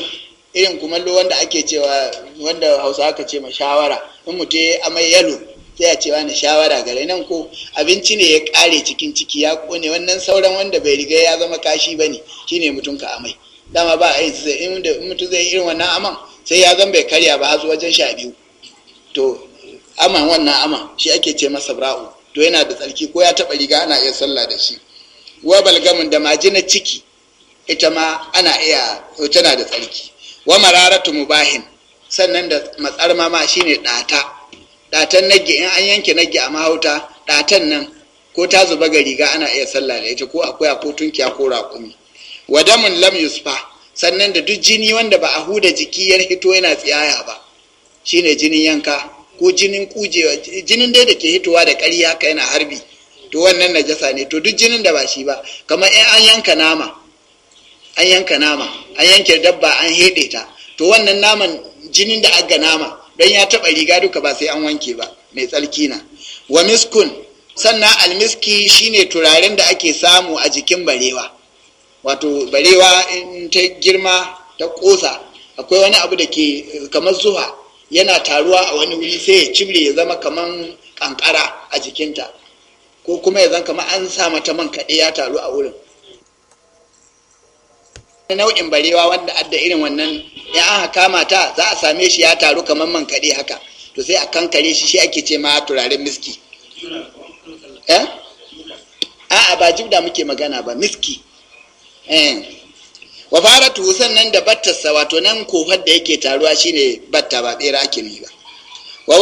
irin kumallo wanda ake cewa wanda hausa aka ce ma shawara in mu je amai yalo sai a cewa ni shawara gare nan ko abinci ne ya kare cikin ciki ya kone wannan sauran wanda bai riga ya zama kashi bane shine mutum ka amai dama ba a yin sai in mutum zai irin wannan aman sai ya zan bai karya ba har wajen sha biyu to aman wannan aman shi ake ce masa bra'u to yana da tsarki ko ya taɓa riga ana iya sallah da shi wa balgamin da majina ciki ita ma ana iya tana da tsarki wa mararatu mubahin sannan da matsar ma shine ɗata ɗatan nagge. in an yanke nagge a mahauta ɗatan nan ko ta zuba ga riga ana iya sallah da ita ko akwai ko tunkiya ko raƙumi wa damun lam yusfa sannan da duk jini wanda ba a huda jiki yar hito yana tsiyaya ba shine jinin yanka ko jinin kujewa jinin dai da ke hitowa da ƙarya haka yana harbi to wannan najasa ne to duk jinin da ba shi ba kamar in an yanka nama an yanka nama an yanke dabba an heɗe ta to wannan naman jinin da aga nama don ya taɓa riga duka ba sai an wanke ba mai tsalki na wa miskun sannan almiski shine turaren da ake samu a jikin barewa wato barewa in ta girma ta ƙosa akwai wani abu da ke kamar zuha yana taruwa a wani wuri sai ya cibre ya zama kaman kankara a jikinta ko kuma ya zama kaman an sa mata man kaɗe ya taru a wurin Wani nau'in barewa wanda adda irin wannan ya an kama ta za a same shi ya taru kamar man kaɗe haka to sai a kankare shi shi ake ce ma turaren miski eh? a'a ba jibda muke magana ba miski eh. wa faratu sannan da battarsa wato nan kofar da yake taruwa shine batta ba bera ake ba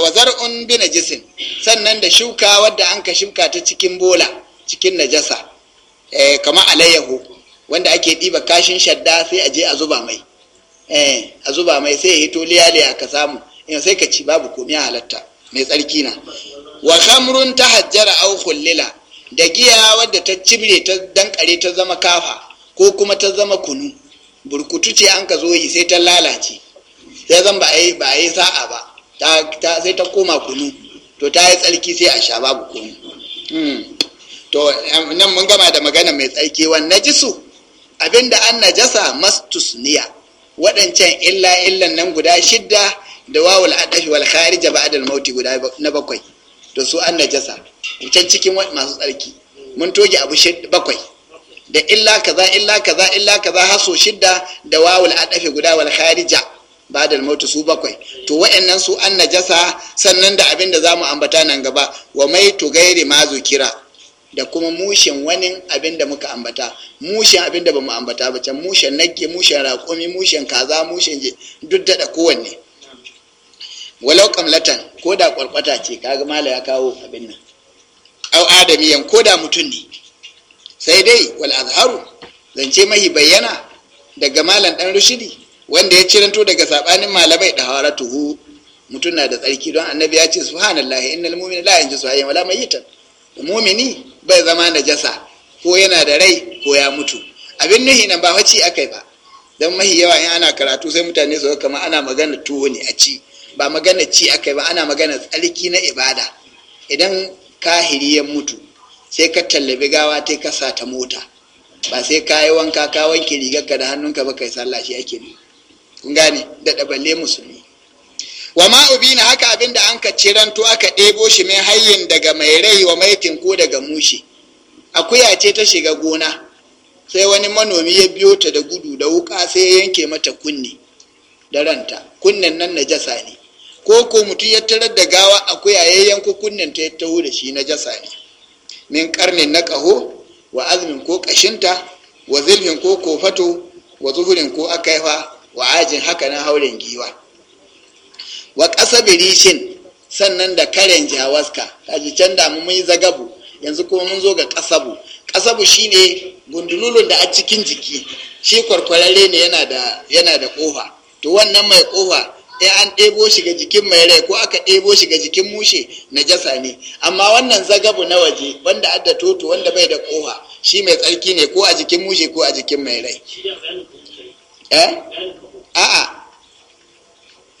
wa zar'un bi najisin sannan da shuka wadda an ka shuka ta cikin bola cikin najasa eh kamar alayyahu wanda ake ɗiba kashin shadda sai a je a zuba mai eh a zuba mai sai ya hito liyaliya ka samu in sai ka ci babu komai halatta mai tsarki na wa khamrun tahajjara aw khullila da giya wadda ta cibre ta dankare ta zama kafa ko kuma ta zama kunu burkutu ce an ka zo yi sai ta lalace sai zan ba a yi sa'a ba sai ta koma kunu to ta yi tsarki sai a sha babu kunu hmm. to nan mun gama da magana mai tsarki wa najisu abinda an najasa niya waɗancan illa illan nan guda shidda da wawul adafi wal kharija ba'da mauti guda na bakwai to su an najasa can cikin masu tsarki mun toge abu bakwai da illa kaza illa kaza illa kaza haso shidda da wawul adafi guda wal kharija bada mautu su bakwai to wa'annan su an najasa sannan da abin da za mu ambata nan gaba wa mai tu gairi ma zukira da kuma mushin wani abin da muka ambata mushin abin da bamu ambata ba can mushin nagge mushin raƙumi mushin kaza mushin je duk da kowanne walau kamlatan ko da kwarkwata ce kaga mala ya kawo abin nan au adamiyan ko da mutum ne sai dai wal azharu zance mahi bayyana daga malam dan rushidi wanda ya ciranto daga sabanin malamai da tuhu. mutum na da tsarki don annabi ya ce subhanallahi innal mu'mina la yanjisu hayyan wala mayyita mu'mini bai zama najasa ko yana da rai ko ya mutu abin nuhi nan ba faci akai ba don mahi yawa in ana karatu sai mutane su kama ana magana tuwo ne a ci ba magana ci akai ba ana magana tsarki na ibada idan kahiri ya mutu sai ka tallabi gawa ta ka ta mota ba sai ka yi wanka ka wanke rigar ka da hannunka ba kai sallah shi ake ne kun gane da daballe musulmi wa ma ubina haka abin da an ka ciranto aka ɗebo shi mai hayyin daga mai rai wa maitin ko daga mushi akuya ce ta shiga gona sai wani manomi ya biyo ta da gudu da wuka sai ya yanke mata kunni da ranta kunnen nan na jasa ne ko ko mutum ya tarar da gawa akuya ya yanko kunnen ta ya taho da shi na jasa ne min karnin na ƙaho wa azumin ko ƙashinta wa zilfin ko kofato wa zuhurin ko aka akaifa wa ajin haka na hauren giwa wa ƙasa birishin sannan da karen jawaska ji can da mu yi zagabu yanzu kuma mun zo ga ƙasabu ƙasabu shine gundululun da a cikin jiki shi kwarkwararre ne yana da ƙofa to wannan mai ƙofa in an ɗebo shi ga jikin mai rai ko aka ɗebo shi ga jikin mushe na jasa ne amma wannan zagabu na waje wanda adda toto wanda bai da ƙoha, shi mai tsarki ne ko a jikin mushe ko a jikin mai rai eh a'a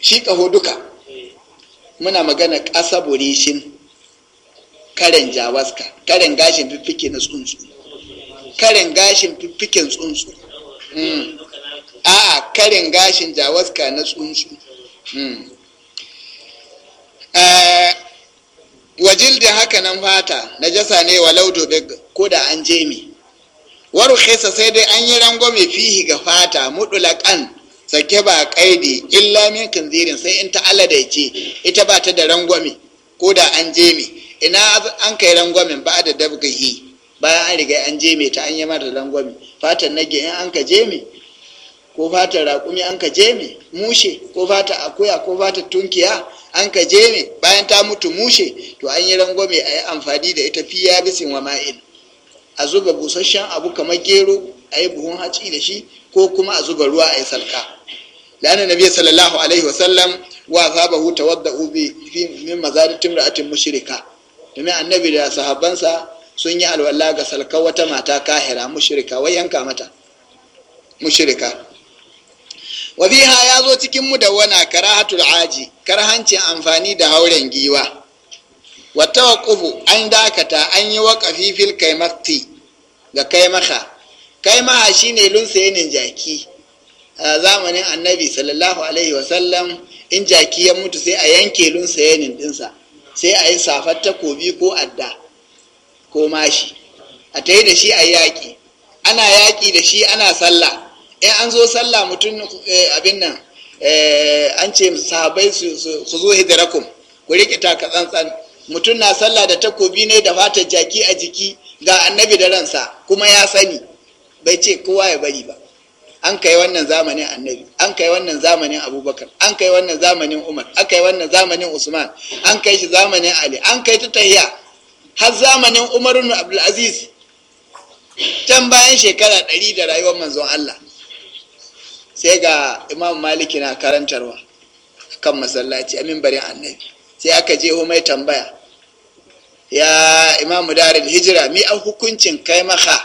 shi ho duka muna magana ƙasa burishin karen jawaska karen gashin fiffike na tsuntsu karen gashin fiffiken tsuntsu hmm. a'a karen gashin jawaska na tsuntsu Hmm. Eh, wajil da haka nan fata na jasa ne walau dobe ko da an je mi waru khesa sai dai an yi rangwame fihi ga fata mudulakan sake ba kaidi illa min kanzirin sai in ta alada aladaice ita ba ta da rangwame ko da an je ina an kai rangwamen ba da dabgahi bayan an riga an je mi ta an yi mata rangwame fatan nage in an ka je ko fata raƙumi an ka je mi, mushe ko fata akuya ko fata tunkiya an ka je mi bayan ta mutu mushe to an yi rangwame a yi amfani da ita fiya bisin wa ma'il a zuba busasshen abu kamar gero a yi buhun haci da shi ko kuma a zuba ruwa a yi salka lana nabi sallallahu alaihi wa sallam wa sabahu ubi fi min mazadi timra'atin mushrika domin annabi da sahabbansa sun yi alwala ga salkar wata mata kahira mushrika wai yanka mata mushrika wa ya zo cikin mu wana karahatul aji karhancin amfani da hauren giwa wa wakufu an dakata an yi wa fil kaimati ga kaimaka kaimaha shine lunsayenin jaki a zamanin annabi sallallahu alaihi wasallam in jaki ya mutu sai a yanke lunsayenin dinsa sai a yi safar takobi ko adda ko mashi a ta yi da shi a yaƙi ana yaƙi da shi ana sallah in eh, an zo sallah mutum eh, abin nan eh, an ce sahabai su zo hidirakum ku riƙe ka tsantsan mutum na sallah da takobi ne da fatar jaki a jiki ga annabi da ransa kuma ya sani bai ce kowa ya bari ba an kai wannan zamanin annabi an kai wannan zamanin abubakar an kai wannan zamanin umar an kai wannan zamanin usman an kai shi zamanin ali an kai ta tahiya har zamanin umarun aziz can bayan shekara ɗari da rayuwar manzon allah sai ga imam maliki na karantarwa kan masallaci a mimbarin annabi sai aka je mai tambaya ya imam Darin, hijira mi a hukuncin kai maka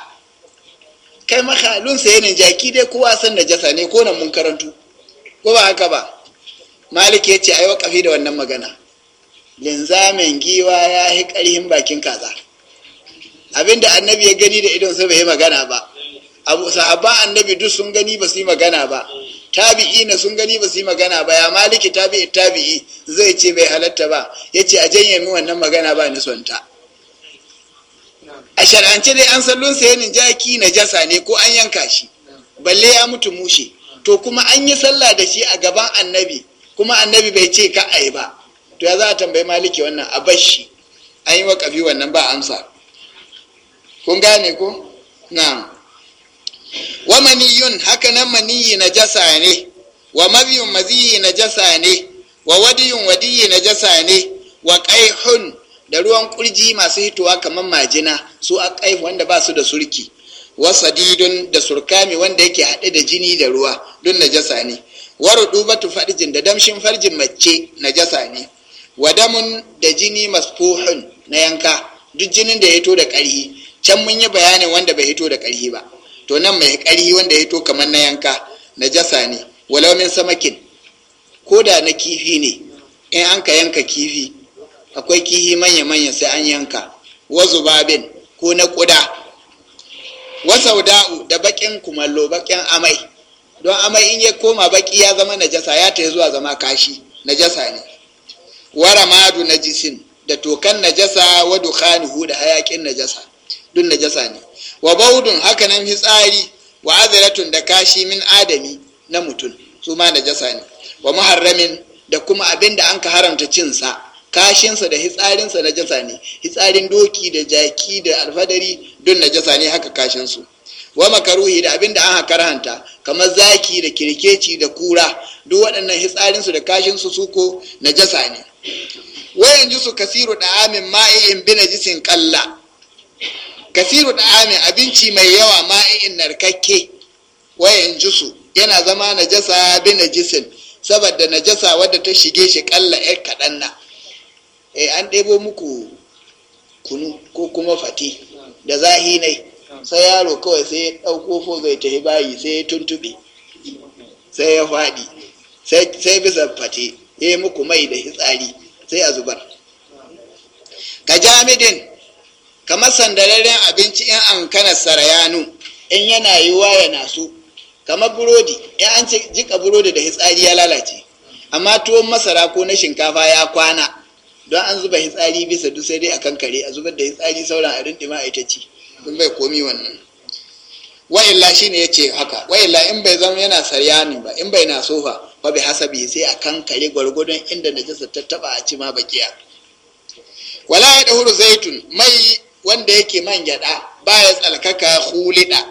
kai maka lun sayanin jaki dai kowa san najasa ne ko nan mun karantu ko ba haka ba maliki ya ce ai wakafi da wannan magana linzamin giwa ya yi karhin bakin kaza abinda annabi ya gani da idon sai bai magana ba abu sahaba annabi duk sun gani ba su yi magana ba tabi'i na sun gani ba su yi magana ba ya maliki tabi'i tabi'i zai ce bai halatta ba ya ce a janye min wannan magana ba ni sonta. a shar'ance dai an sallon sayanin jaki na jasa ne ko an yanka shi balle ya mutu mushe to kuma an yi sallah da shi a gaban annabi kuma annabi bai ce ka ai ba to ya za a tambayi maliki wannan a bashi an yi wa wannan ba amsa kun gane ko na'am wa maniyun haka nan maniyi na jasa ne wa mabiyun maziyi na jasa ne wa wadiyun wadiyi na jasa ne wa ƙaihun da ruwan kurji masu hitowa kamar majina su a ƙaih wanda ba su da surki wa sadidun da surkami wanda yake haɗe da jini da ruwa don jasa ne wa rudubatu farjin da damshin farjin mace na jasa ne wa damun da jini masfuhun na yanka duk jinin da ya hito da ƙarhi can mun yi bayanin wanda bai hito da ƙarhi ba to nan mai ƙari wanda ya to kamar na yanka na jasa ne walau min samakin ko da na kifi ne in an ka yanka kifi akwai kifi manya-manya sai an yanka wazu babin ko na ƙuda wasau da'u da bakin kumallo bakin amai don amai in ya koma baki ya zama najasa ya ta zuwa zama kashi najasa ne wara madu najisin da tokan najasa wa dukhanihu da hayakin najasa dun najasa ne wa baudun haka nan hitsari wa azratun da kashi min adami na mutum su ma jasa ne wa muharramin da kuma abin da an ka haramta cinsa kashinsa da hitsarinsa na jasa ne hitsarin doki da jaki da alfadari don na jasa ne haka kashinsu wa makaruhi da abin da an karhanta kamar zaki da kirkeci da kura duk waɗannan hitsarinsu da kashinsu su ko na jasa ne wayan su kasiru da amin mai'in bina jisin kalla kasiru da amin abinci mai yawa ma'in narkakke wayan jisu. yana zama najasa bi najisin saboda najasa wadda ta shige shi kalla yar kaɗan E, an ɗebo muku kunu ko kuma fati da zahi ne sai yaro kawai sai ya ɗauko ko zai tafi bayi sai ya tuntuɓe sai ya faɗi sai bisa fati ya yi muku mai da hitsari sai a zubar ka jamidin kamar sandararren abinci in an kana sarayanu in yana yiwa ya nasu kamar burodi in an ce jika burodi da hitsari ya lalace amma tuwon masara ko na shinkafa ya kwana don an zuba hitsari bisa duk sai dai a kankare a zubar da hitsari sauran a rindima a ita ci in bai komi wannan wa'illa shi ne ya ce haka wa'illa in bai zama yana ne ba in bai na sofa fa bi hasabi sai a kankare gwargwadon inda najasa ta taba a ci ma bakiya wala ya dahuru zaitun mai wanda yake man gyada baya tsalkaka hulida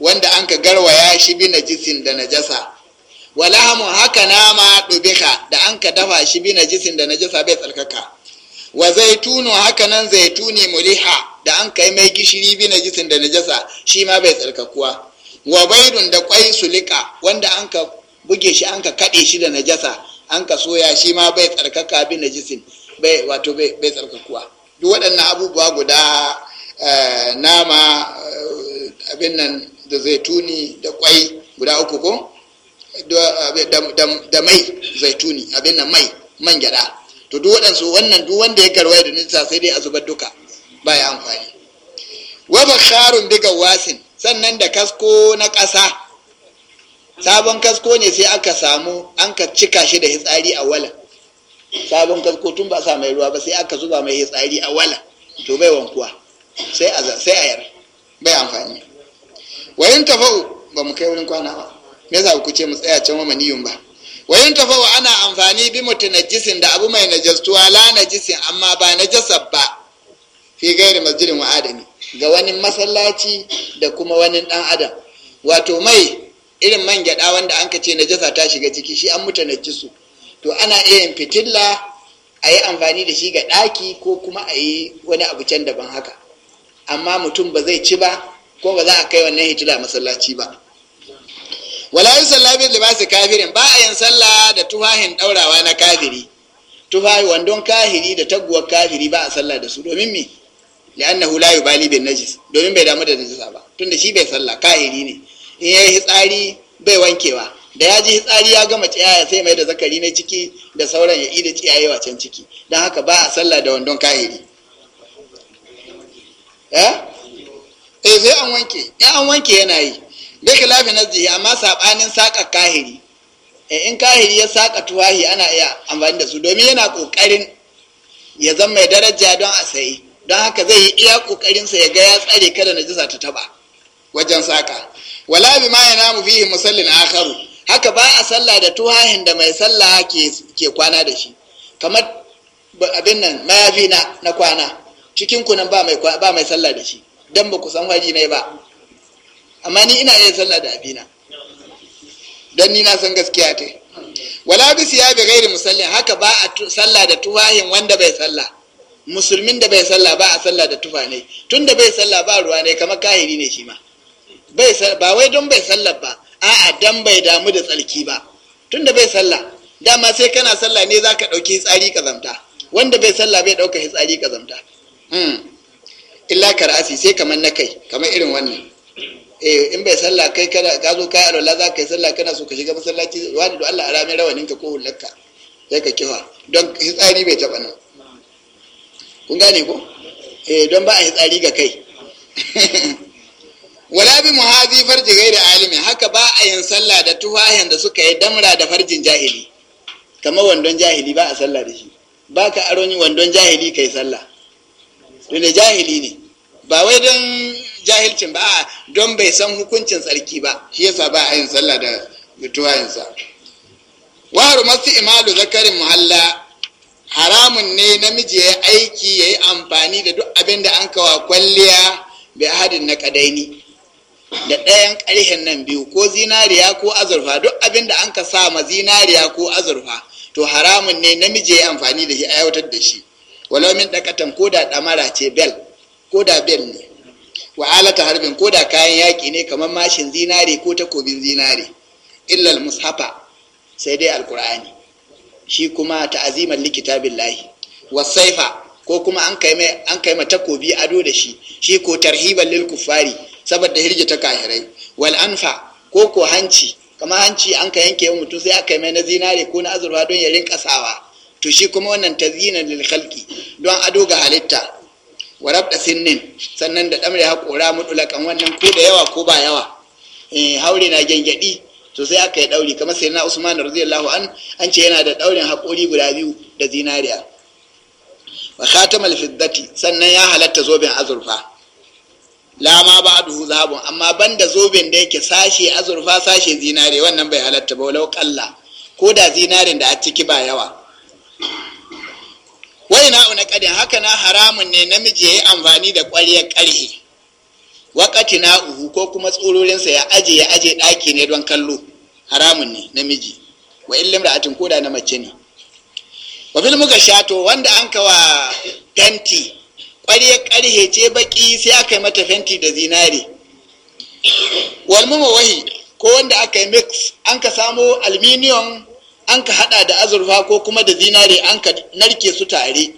wanda an ka garwaya shi bi najisin da najasa mun haka nama dubika da an ka dafa shi bi najisin da najasa bai tsalkaka wa zaitunu haka nan zaituni muliha da an kai mai gishiri bi najisin da najasa shi ma bai tsalkakuwa wa bairun da kwai sulika wanda an ka buge shi an ka kaɗe shi da najasa an ka soya shi ma bai tsarkaka bi najisin bai wato bai tsarkakuwa duk waɗannan abubuwa guda eh, nama eh, abin nan da zaituni da kwai guda uku ko eh, da mai zaituni abin nan mai man gyada to duk waɗansu wannan duk wanda ya garwaya da nisa sai dai a zubar duka baya amfani wa bakharun Diga wasin sannan da kasko na ƙasa sabon kasko ne sai aka samu an ka cika shi da hitsari a walan sabon kasko tun ba sa mai ruwa ba sai aka zuba mai tsari a wala to bai wankuwa sai a sai a yar bai amfani wayin tafa'u ba mu kai wurin kwana ba me za ku ce mu tsaya can wa niyun ba wayin tafa'u ana amfani bi mutanajjisin da abu mai najastuwa la najisin amma ba najasab ba fi gairi masjidin wa adami ga wani masallaci da kuma wani dan adam wato mai irin man gyada wanda an ka ce najasa ta shiga ciki shi an mutanajjisu to ana iya yin fitilla a yi amfani da shi ga ɗaki ko kuma a yi wani abu can daban haka amma mutum ba zai ci ba ko ba za a kai wannan hitila masallaci ba wala yi sallah bai libasi kafirin ba a yin sallah da tufahin ɗaurawa na kafiri tufahi wandon kafiri da taguwar kafiri ba a sallah da su domin me li'annahu la yubali bin najis domin bai damu da najisa ba tunda shi bai sallah kahiri ne in yayi tsari bai wankewa da ya ji tsari ya gama tsiyaya sai mai da zakari na ciki da sauran ya ida tsiyayewa can ciki don haka ba a sallah da wandon kahiri eh, eh sai an wanke ya eh, an wanke yana yi da na nazzihi amma sabanin saka kahiri eh, in kahiri ya saka tuwahi ana iya amfani da su domin yana kokarin ya zama mai daraja don a sayi don haka zai yi iya kokarinsa ya ga ya tsare kada najisa ta taba wajen saka wala bi ma yana mu fihi musallin akharu haka ba a sallah da tuhahin da mai sallah ke kwana da shi kamar abin nan mayafi na kwana cikin ku nan ba mai sallah da shi don ba ku san waji ne ba amma ni ina iya sallah da abina don ni na san gaskiya ta. wala bi siya bi gairi musallin haka ba a sallah da tuhahin wanda bai sallah musulmin da bai sallah ba a sallah da tufa ne tun da bai sallah ba ruwa ne kamar kahiri ne shi ma ba wai don bai sallah ba a'a dan bai damu da tsarki ba tunda bai sallah dama sai kana sallah ne za ka ɗauki tsari kazamta wanda bai sallah bai ɗauka tsari kazamta hmm. illa karasi sai kamar na kai kamar irin wannan eh in bai sallah kai kana ka zo kai alwala za ka yi sallah kana so ka shiga masallaci wani da Allah a ramin rawaninka ko hulakka sai ka kiwa don hitsari bai taɓa nan kun gane ko eh don ba a hitsari ga kai <laughs> wala bi muhazi farji gairi alimi haka ba a yin sallah da tufahin da suka yi damra da farjin jahili kamar wandon jahili ba a sallah da shi ba ka aron wandon jahili kai sallah to da jahili ne ba wai don jahilcin ba don bai san hukuncin tsarki ba shi yasa ba a yin sallah da sa waru masu imalu zakarin muhalla haramun ne namiji ya aiki ya yi amfani da duk abin da an kawa kwalliya bai hadin na kadaini da ɗayan ƙarhen nan biyu ko zinariya ko azurfa duk abin da an ka sa ma zinariya ko azurfa to haramun ne namiji ya amfani da shi a yautar da shi walau min ɗakatan ko da ɗamara ce bel ko da bel ne Wa'ala ta harbin ko da kayan yaƙi ne kamar mashin zinare ko takobin zinare illal mushafa sai dai alkur'ani shi kuma ta'azimar likita billahi wasaifa ko kuma an kai ma takobi ado da shi shi ko tarhiban lil saboda ta kahirai wal anfa ko ko hanci kamar hanci an ka yanke mutum sai aka yi mai na zinare ko na azurfa don ya rinka sawa to shi kuma wannan zina lil khalqi don ado ga halitta wa rabda sinnin sannan da damre haƙora mutulakan wannan ko da yawa ko ba yawa eh, haure na gyangyaɗi to sai aka yi ɗauri kamar sai na usman radiyallahu an an ce yana da ɗaurin haƙori guda biyu da zinariya wa khatamal fiddati sannan ya halatta zoben azurfa lama ba a duhu zahabun amma banda zoben da yake sashe azurfa sashe zinare wannan bai halatta ba walau kalla ko da zinarin da a ciki ba yawa wai na una kadin haka na haramun ne namiji ya yi amfani da ƙwaryar karhe wakati na uhu ko kuma tsororinsa ya aje ya aje ɗaki ne don kallo haramun ne namiji wa illim ra'atin da na mace ne wa muka shato wanda an kawa fenti ƙwaryar ƙarhe ce baƙi sai aka yi mata fenti da zinari. walmuma wahi ko wanda aka yi mix an ka samo alminiyon an ka hada da azurfa ko kuma da zinari an ka narke su tare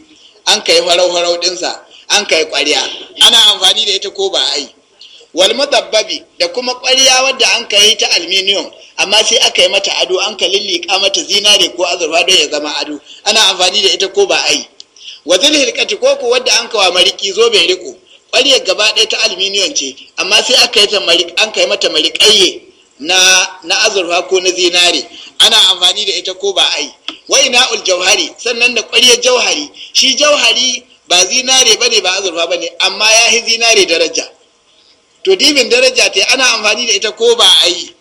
an ka yi farau-farau dinsa an ka yi ƙwarya ana amfani da ita ko ba a yi dabbabi, da kuma ƙwarya wadda an ka yi ta alminiyon amma sai aka yi mata ado an ka lillika mata zinare ko azurfa don ya zama ado ana amfani da ita ko ba a yi wa zilhilqati ko ko wadda an kawa mariki zo bai riko ƙwaryar gaba ɗaya ta aluminiyon ce amma sai aka yi an kai mata mariƙayye na azurfa ko na zinare ana amfani da ita ko ba a yi Wai ina'ul jauhari sannan da ƙwaryar jauhari shi jauhari ba zinare ba ne ba azurfa ba ne amma ya yi zinare daraja to dibin daraja ta ana amfani da ita ko ba a yi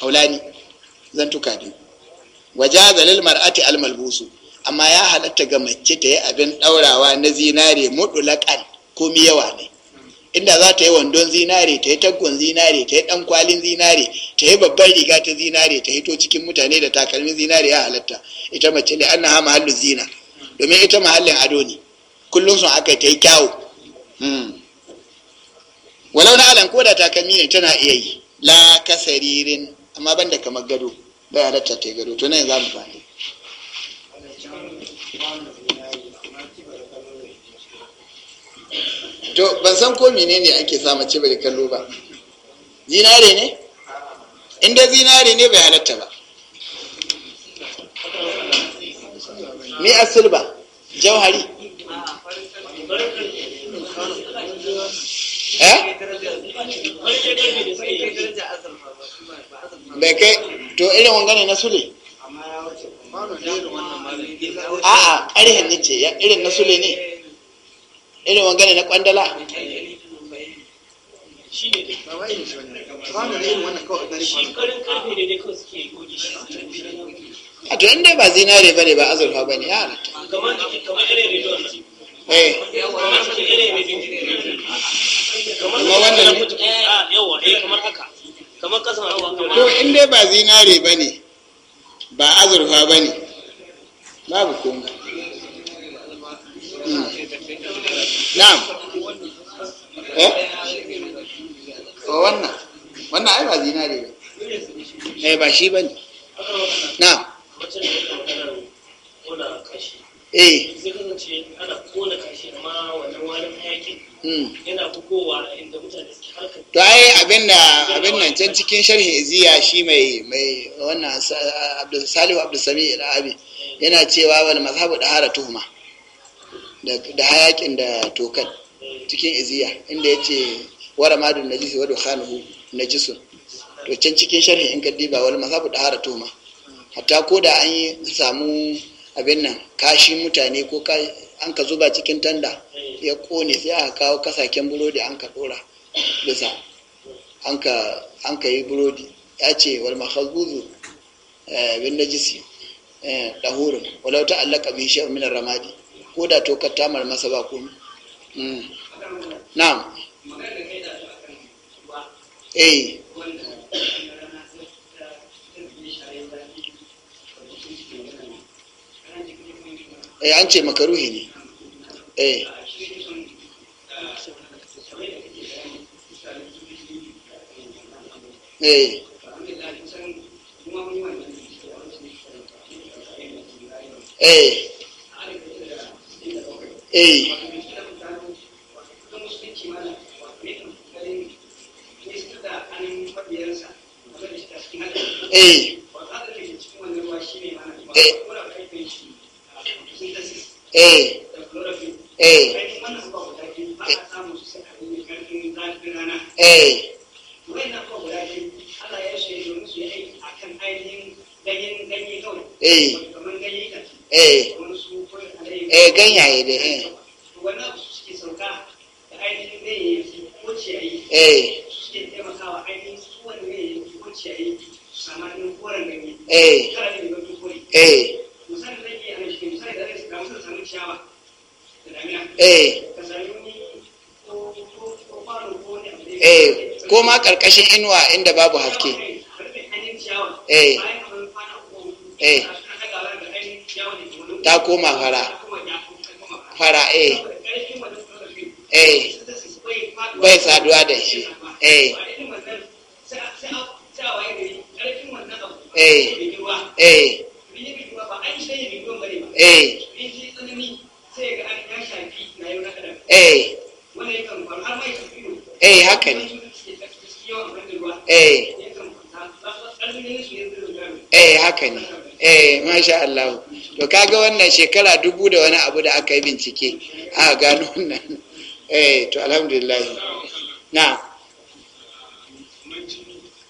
haulani zan tuka biyu wajen zalil mar'ati almalbusu amma ya halatta ga mace ta yi abin ɗaurawa na zinare mutulakan ko yawa ne inda za ta yi wandon zinare ta yi taggon zinare ta yi ɗan kwalin zinare ta yi babban riga ta zinare ta hito cikin mutane da takalmin zinare ya halatta ita mace da hama, hallu zina domin ita mahallin ado ne kullum sun aka ta yi kyawu hmm. walau na alan koda takalmi ne tana iya yi la kasaririn amma banda kamar gado bai halatta ta yi gado to nan za mu fahimta to ban san ko menene ake sa mace bai kallo ba zinare ne inda zinare ne bai halatta ba me a silba jauhari eh? bai kai to irin wangane na sule a'a ƙarhen ne ce irin na sule ne irin wangane na kwandala a to inda ba zinare ba ne ba azurfa ba ne ya halatta kamar eh. eh, kamar haka kamar kasa to inda ba zinare ba ne ba azurfa ba ne babu komai hmm. na'am eh wannan wannan ai ba zinare ba eh ba shi ba ne na'am eh sai kasance ana kona kashi amma wannan warin hayakin hmm. yana bugowa inda mutane suke harkar to ai abin nan can cikin sharhi iziya shi mai mai wannan Salihu Abdul Sami Al-Abi yana cewa wal mazhabu dahara tuhuma da hayakin da tokan cikin iziya inda yace wara madun najisi wa dukhanuhu najisun to can cikin sharhi in ka diba wal mazhabu dahara tuhuma hatta ko da an yi samu abin nan kashin mutane ko an ka zuba cikin tanda ya kone sai aka kawo kasaken burodi an ka dora bisa an ka yi burodi ya ce wal mahazuzu eh, bin najisi dahurin eh, walau ta allaka bi shi min ramadi ko da to ka tamar masa ba komi mm. na'am eh eh an ce makaruhi ne eh eh eh eh ƙarƙashin inuwa inda babu haske eh eh ta koma fara wannan shekara dubu da wani abu da aka yi bincike a gano wannan eh to alhamdulillah na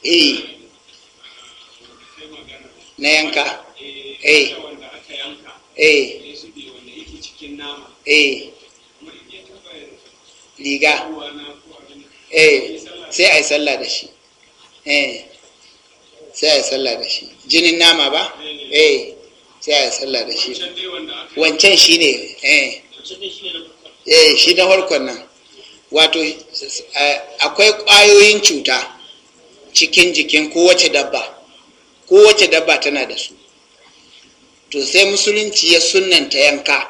eh na yanka eh eh eh liga eh sai a yi sallah da shi eh sai a yi sallah da shi jinin nama ba eh sai a da shi wancan shi ne eh, eh shi na harkon nan wato akwai ƙwayoyin cuta cikin jikin kowace dabba kowace dabba tana da su to sai musulunci ya sunanta yanka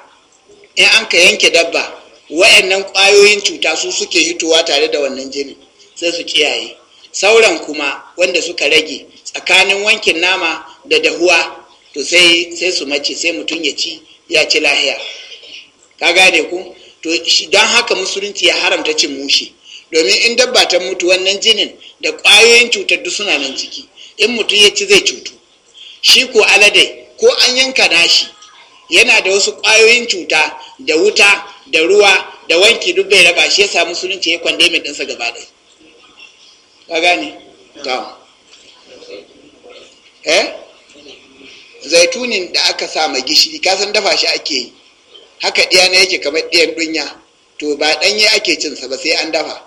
in an ka yanke dabba wa'annan kwayoyin cuta su suke hitowa tare da wannan jini sai su kiyaye sauran kuma wanda suka rage tsakanin wankin nama da dahuwa to sai sai su mace sai mutum ya ci ya ci lahiya ka gane ku to don haka musulunci ya haramta cin mushi domin in dabba ta mutu wannan jinin da ƙwayoyin cutar duk suna nan ciki in mutum ya ci zai cutu shi ko aladai ko an yanka nashi yana da wasu ƙwayoyin cuta da wuta da ruwa da wanki duk bai raba shi yasa musulunci ya kwande mai ɗinsa gaba ɗaya ka gane ta eh zaitunin da aka sa mai gishiri kasan dafa shi ake yi haka ɗiya na yake kamar ɗiyan dunya to ba ɗanye ake cinsa ba sai an dafa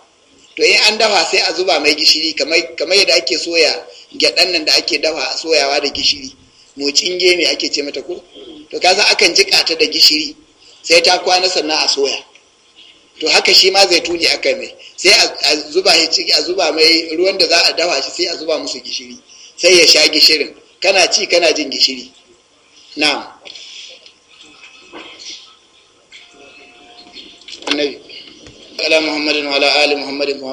to in an dafa sai a zuba mai gishiri kamar yadda ake soya gyaɗan nan da ake dafa soyawa da gishiri mocin ne ake ce mata ko to kasa akan jiƙa ta da gishiri sai ta kwana sannan a soya to haka shi ma zaituni aka mai sai a zuba mai ruwan da za a dafa shi sai a zuba musu gishiri sai ya sha gishirin kana ci kana jin gishiri na annabi ala muhammadin